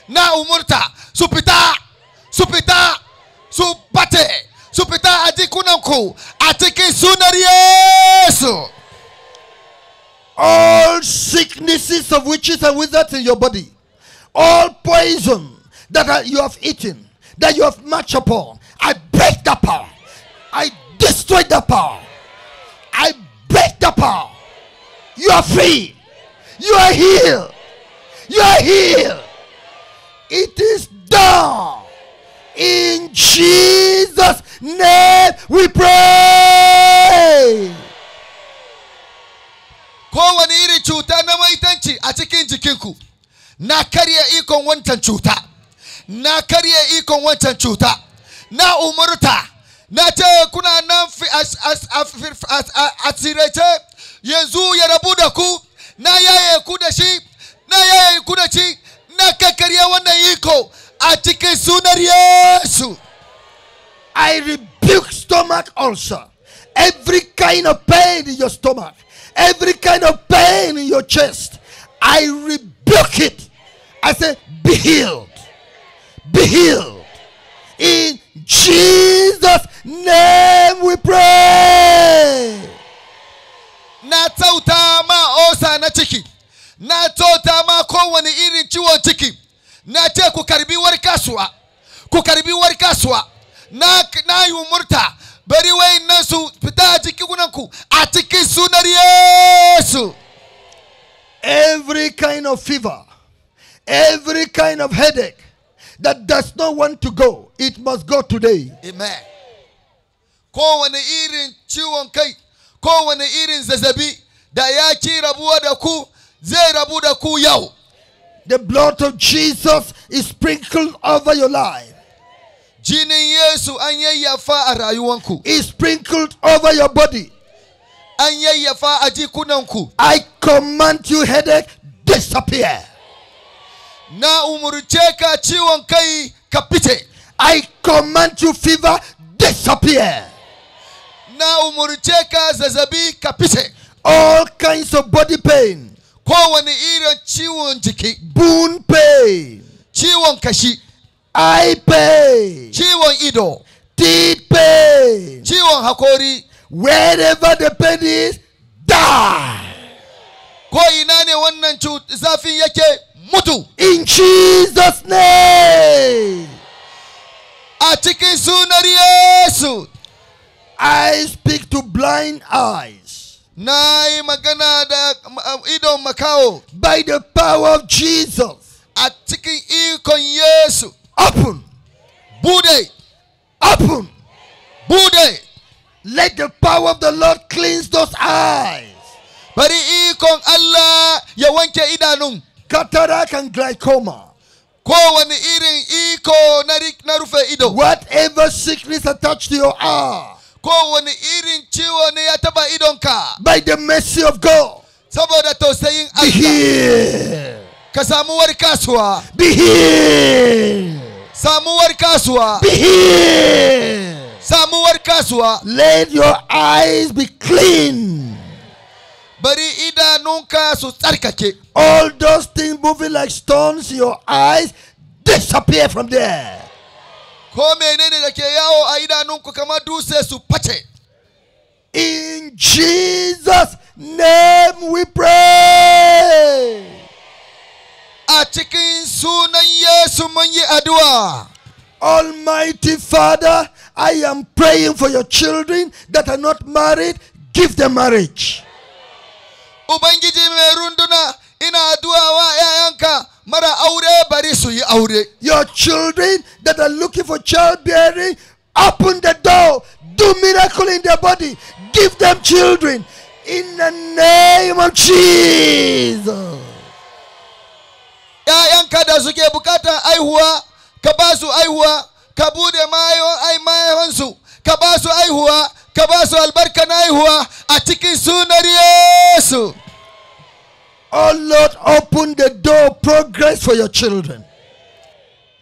na umurta supita supita supate supita su bate su fita Yesu. All sicknesses of witches and wizards in your body, all poison that you have eaten, that you have matched upon, I break that power. I destroy that power. I break that power. You are free. You are healed. You are healed. It is done. In Jesus' name we pray. Kowane irin cuta na maitanci a cikin jikinku, na karya ikon wancan cuta, na karya ikon wancan cuta, na umarta, na ce kuna nan a yanzu ya rabu da ku, na yaye ku da shi, na yaye ku da shi. I rebuke stomach ulcer. Every kind of pain in your stomach, every kind of pain in your chest, I rebuke it. I say, be healed. Be healed. In Jesus' name we pray. Na tsauta osa na na tota ma kowane irin ciwon ciki na ce ku karbi warkaswa ku karbi warkaswa na na yi murta bari nan su fita a cikin gunanku a cikin sunar Yesu every kind of fever every kind of headache that does not want to go, it must go today. Amen. Kowane irin ciwon kai, kowane irin zazzabi da ya ci rabuwa da ku The blood of Jesus is sprinkled over your life. jinin yesu an yayyafa a rayuwanku is sprinkled over your body an yayyafa a jikunanku i command you headache disappear na umurucheka ka ciwon kai ka i command you fever disappear na umurucheka zazabi zazzabi all kinds of body pain kowane irin ciwon jiki bone pain ciwon kashi eye pain ciwon ido teeth pain ciwon hakori wherever the pain is die ko ina ne wannan zafin yake mutu in jesus name a sunar yesu i speak to blind eyes uh, By the power of Jesus. Open. Bude. Open. Bude. Let the power of the Lord cleanse those eyes. Bari ikon Allah ya wanke idanun. Cataract and glaucoma. Kowane irin iko narik narufa ido. Whatever sickness attached to your eye. By the mercy of God. Be here. Be here. Be here. Let your eyes be clean. All those things moving like stones your eyes disappear from there. ko menene da ke yawo a idanunku kamar dutse su face in jesus name we pray a cikin sunan yesu mun yi addu'a almighty father i am praying for your children that are not married give them marriage ubangiji mai runduna ina addu'a wa 'ya'yanka mara aure bari su yi aure your children that are looking for childbearing open the door do miracle in their body give them children in the name of jesus ‘ya'yanka da suke bukatan aihuwa ka ba su aihuwa ka bude mahaifansu ka ba su aihuwa ka ba su albarkan aihuwa a cikin sunar yesu Oh Lord, open the door progress for your children.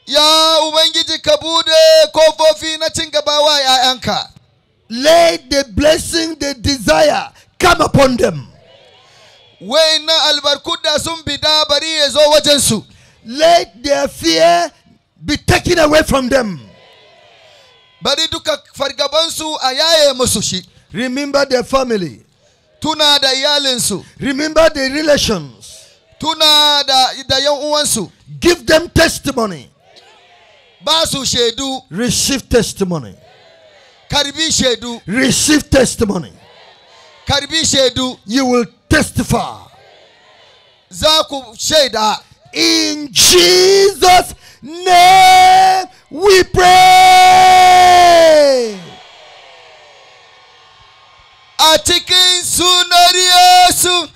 Ya Ubangiji kabude kofofi na cingabawa ‘ya'yanka. Let the blessing the desire come upon them. Waina albarkuda sun bida bari ya zo wajensu. Let their fear be taken away from them. Bari duka fargabansu a yaye Remember their family tuna da iyalinsu remember the relations tuna da da yan uwansu give them testimony ba su shaidu receive testimony karbi shedu receive testimony karbi shedu you will testify za ku shaida in Jesus name we pray sunar Yesu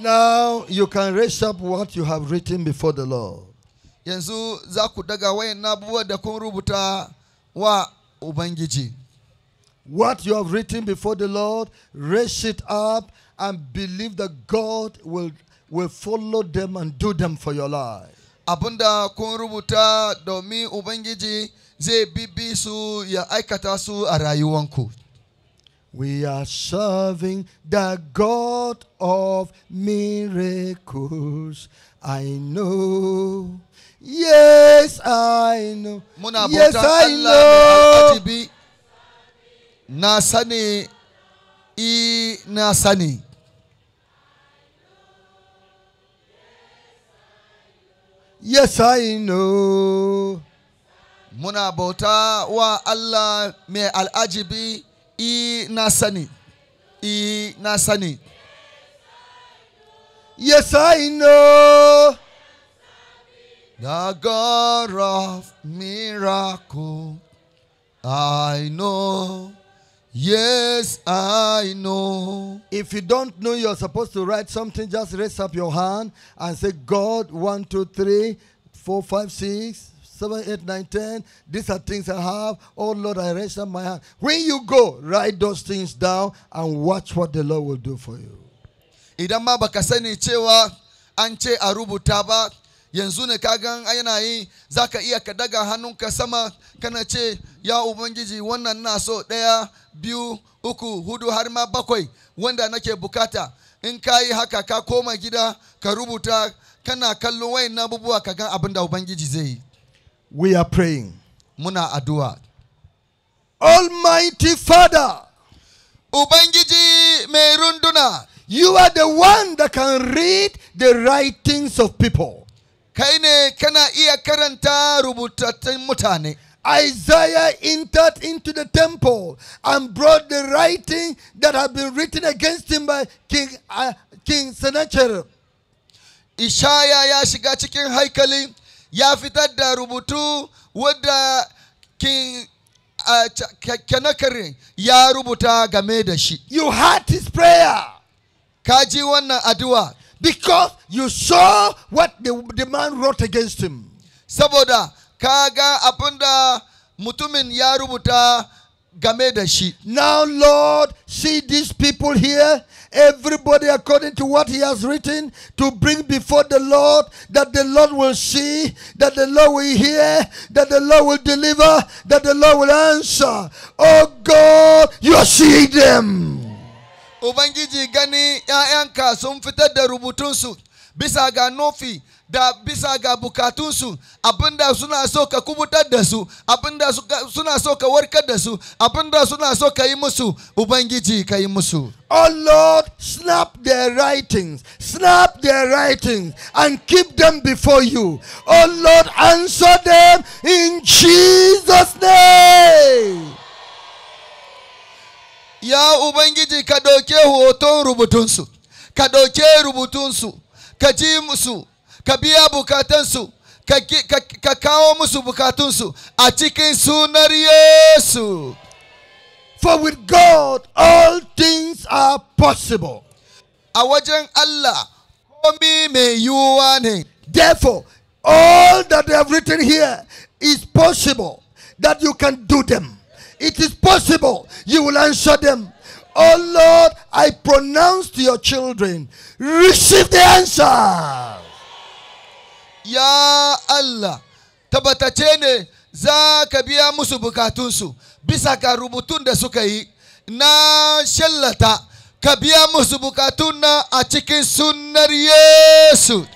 Now you can raise up what you have written before the Lord. Yanzu za ku daga wayan da kun rubuta wa Ubangiji. What you have written before the Lord, raise it up and believe that God will, will follow them and do them for your life. Abunda kun rubuta domin Ubangiji bibi su ya aikata su a rayuwanku. We are serving the God of miracles. I know. Yes, I know. yes, I know. Na i na Yes, I know muna bauta wa Allah mai al'ajibi i na sani i na sani yes I know the God of miracle I know Yes, I know. If you don't know you're supposed to write something, just raise up your hand and say, God, one, two, three, four, five, six. 7, 8, 9, 10. These are things I have. Oh Lord, I raise up my hand. When you go, write those things down and watch what the Lord will do for you. Idan ma baka sani cewa an ce a rubuta ba, yanzu ne kagan yana yi za ka iya ka daga hannunka sama kana ce ya ubangiji wannan na so ɗaya biyu uku hudu har ma bakwai wanda nake bukata in ka yi haka ka koma gida ka rubuta kana kallon wayan abubuwa ka gan abin da ubangiji zai yi we are praying. Muna adua. Almighty Father. Ubangiji merunduna. You are the one that can read the writings of people. Kaine kana iya karanta rubutatin mutane. Isaiah entered into the temple and brought the writing that had been written against him by King, uh, King Sennacherib. Ishaya ya shiga cikin haikali. Yafita darubutu wadda king uh, kanakarin ya rubuta shi you heard his prayer Kaji wana wannan because you saw what the, the man wrote against him saboda kaga apunda mutumini mutumin ya rubuta gameda shi now lord see these people here everybody according to what he has written to bring before the Lord that the Lord will see, that the Lord will hear, that the Lord will deliver, that the Lord will answer. Oh God, you are seeing them. Ubangiji gani ‘ya'yanka sun fitar da rubutunsu bisa ga da bisa ga bukatunsu abinda suna so ka kubutar da su abinda suna so ka warkar da su abinda suna so ka yi musu ubangiji ka yi musu Oh Lord, snap their writings, snap their writings, and keep them before you. Oh Lord, answer them in Jesus' name. Ya Ubangiji, kadoke ɗauke hoton rubutunsu, ka ɗauke rubutunsu, ka ka bukatansu ka musu bukatunsu sunar Yesu. For with God all things are possible. A wajen Allah komi you one. ne. Therefore, all that they have written here is possible that you can do them. It is possible you will answer them. Oh Lord, I pronounce to your children, receive the answer. ya Allah tabbatace ne za ka biya musu bukatunsu bisa ga rubutun da suka yi na shallata ka biya musu bukatun na a cikin sunnar Yesu.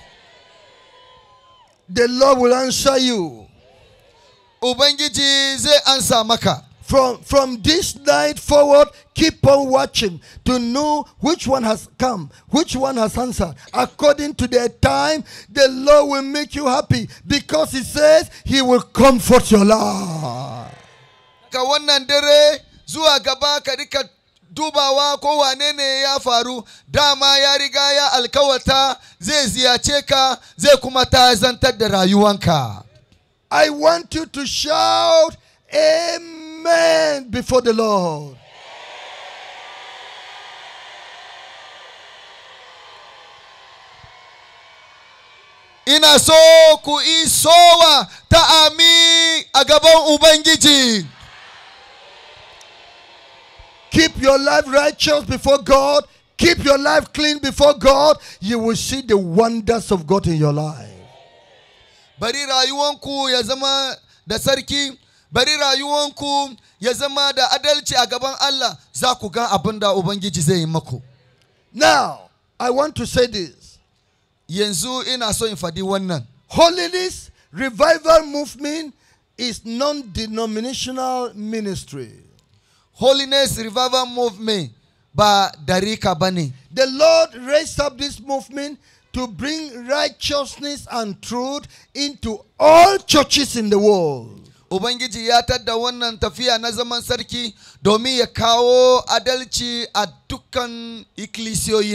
The Lord will answer you. Ubangiji zai ansa maka. From, from this night forward, keep on watching to know which one has come, which one has answered. According to their time, the Lord will make you happy because He says He will comfort your life. dubawa ko ya faru dama ya riga ya alkawata zai ziyace ka zai kuma da rayuwanka. I want you to shout, Amen. Amen before the Lord. Inasoku isowa taami ami a gaban Keep your life righteous before God. Keep your life clean before God. You will see the wonders of God in your life. Bari rayuwanku ya zama da sarki bari rayuwanku ya zama da adalci a gaban Allah za ku ga abin da Ubangiji zai yi Now, I want to say this. Yanzu ina so in faɗi wannan. Holiness Revival Movement is non-denominational ministry. Holiness Revival Movement ba darika bane. The Lord raised up this movement to bring righteousness and truth into all churches in the world. Ubangiji ya tadda wannan na zaman sarki domi ya kawo adalichi adukan dukkan ikkilisiyoyi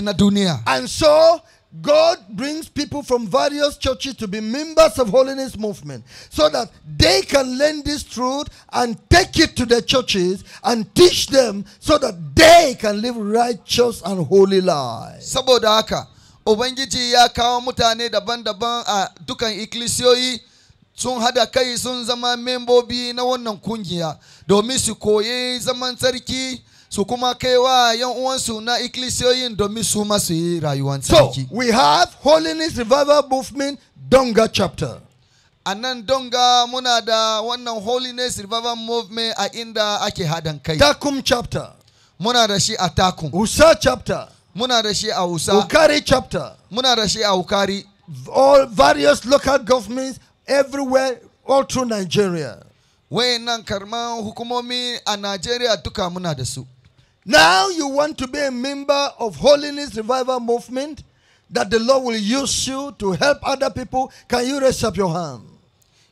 And so God brings people from various churches to be members of holiness movement so that they can learn this truth and take it to their churches and teach them so that they can live righteous and holy lives. Saboda haka, Ubangiji ya kawo mutane daban-daban a dukan ikkilisiyoyi sun hada kai sun zama membobi na wannan kungiya domin su koyi zaman sarki su kuma kaiwa yan uwansu na ikkilisiyoyin domin su masu yi rayuwar sarki. So, we have Holiness Revival Movement Donga chapter. A nan Donga muna da wannan Holiness Revival Movement a inda ake hadan kai. Takum chapter. Muna da shi a Takum. Usa chapter. Muna da shi a Usa. Ukari chapter. Muna da shi a Ukari. All various local governments everywhere, all through Nigeria. Now you want to be a member of Holiness Revival Movement that the Lord will use you to help other people. Can you raise up your hand?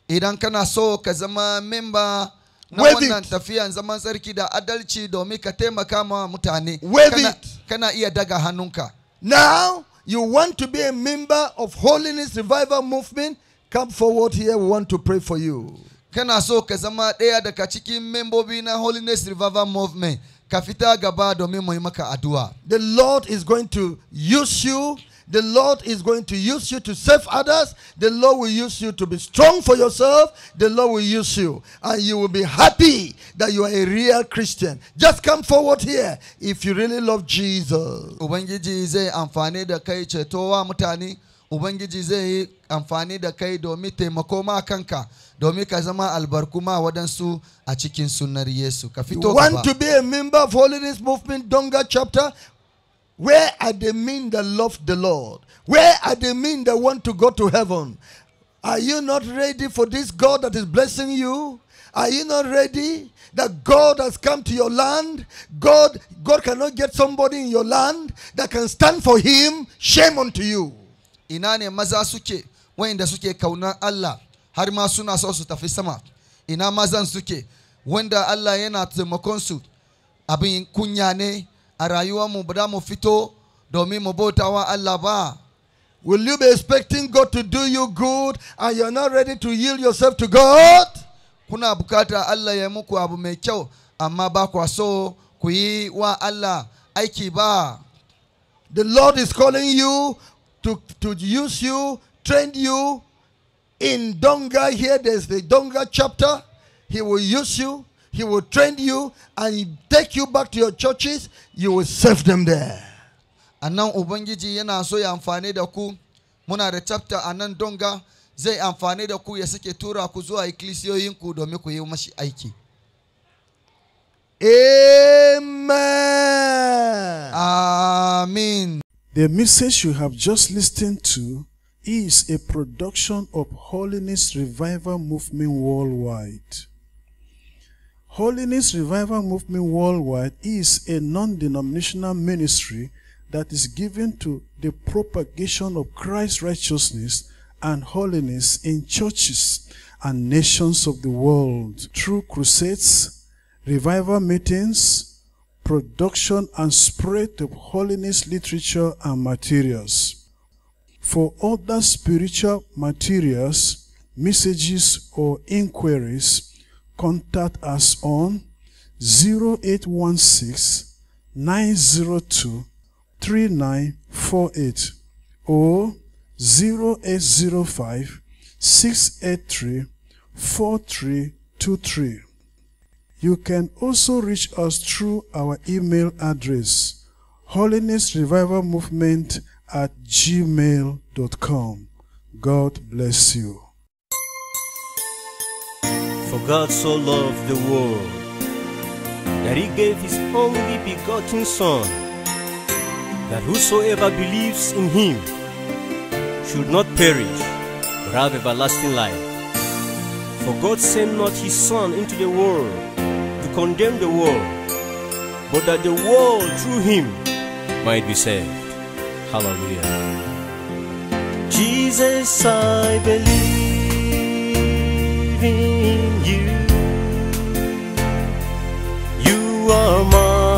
Idan kana so ka zama memba na wannan tafiyan zaman sarki da adalci domin ka taimaka ma mutane. Kana iya daga hannunka. Now you want to be a member of Holiness Revival Movement Come forward here. We want to pray for you. kana so ka zama daga cikin membobi na holiness revival movement Kafita gaba domin mu maka addu'a The Lord is going to use you. The Lord is going to use you to save others. The Lord will use you to be strong for yourself. The Lord will use you. And you will be happy that you are a real Christian. Just come forward here if you really love Jesus. ubangiji zai da kai cetowa mutane Ubangiji zai yi amfani da kai domin taimako ma kanka domin ka zama albarkuma waɗansu a cikin sunar Yesu. Ka fito You want to be a member of Holiness Movement Donga chapter? Where are the men that love the Lord? Where are the men that want to go to heaven? Are you not ready for this God that is blessing you? Are you not ready? That God has come to your land. God, God cannot get somebody in your land that can stand for him. Shame unto you. ina ne maza suke wanda suke kaunar Allah har ma suna so su tafi sama ina mazan suke wanda Allah yana taimakon su abin kunya ne a rayuwarmu mu da mu fito domin mu wa Allah ba Will you be expecting God to do you good and you're not ready to yield yourself to God? Kuna bukata Allah ya muku abu mai kyau amma ba kwa so ku yi wa Allah aiki ba. The Lord is calling you to, to use you, train you. In Donga here, there's the Donga chapter. He will use you. He will train you and he take you back to your churches. You will serve them there. And now Ubangiji yana so ya amfani da ku muna da chapter anan Donga zai amfani da ku ya sake tura ku zuwa ikkilisiyoyinku domin ku yi mashi aiki. Amen. Amen. The message you have just listened to is a production of Holiness Revival Movement Worldwide. Holiness Revival Movement Worldwide is a non-denominational ministry that is given to the propagation of Christ's righteousness and holiness in churches and nations of the world through crusades, revival meetings, production and spread of holiness literature and materials. For other spiritual materials, messages, or inquiries, contact us on 0816 902 3948 or 0805 683 4323. You can also reach us through our email address, holinessrevivalmovement at gmail.com. God bless you. For God so loved the world that he gave his only begotten Son, that whosoever believes in him should not perish, but have everlasting life. For God sent not his Son into the world to condemn the world, but that the world through him might be saved. Hallelujah. Jesus, I believe in you. You are my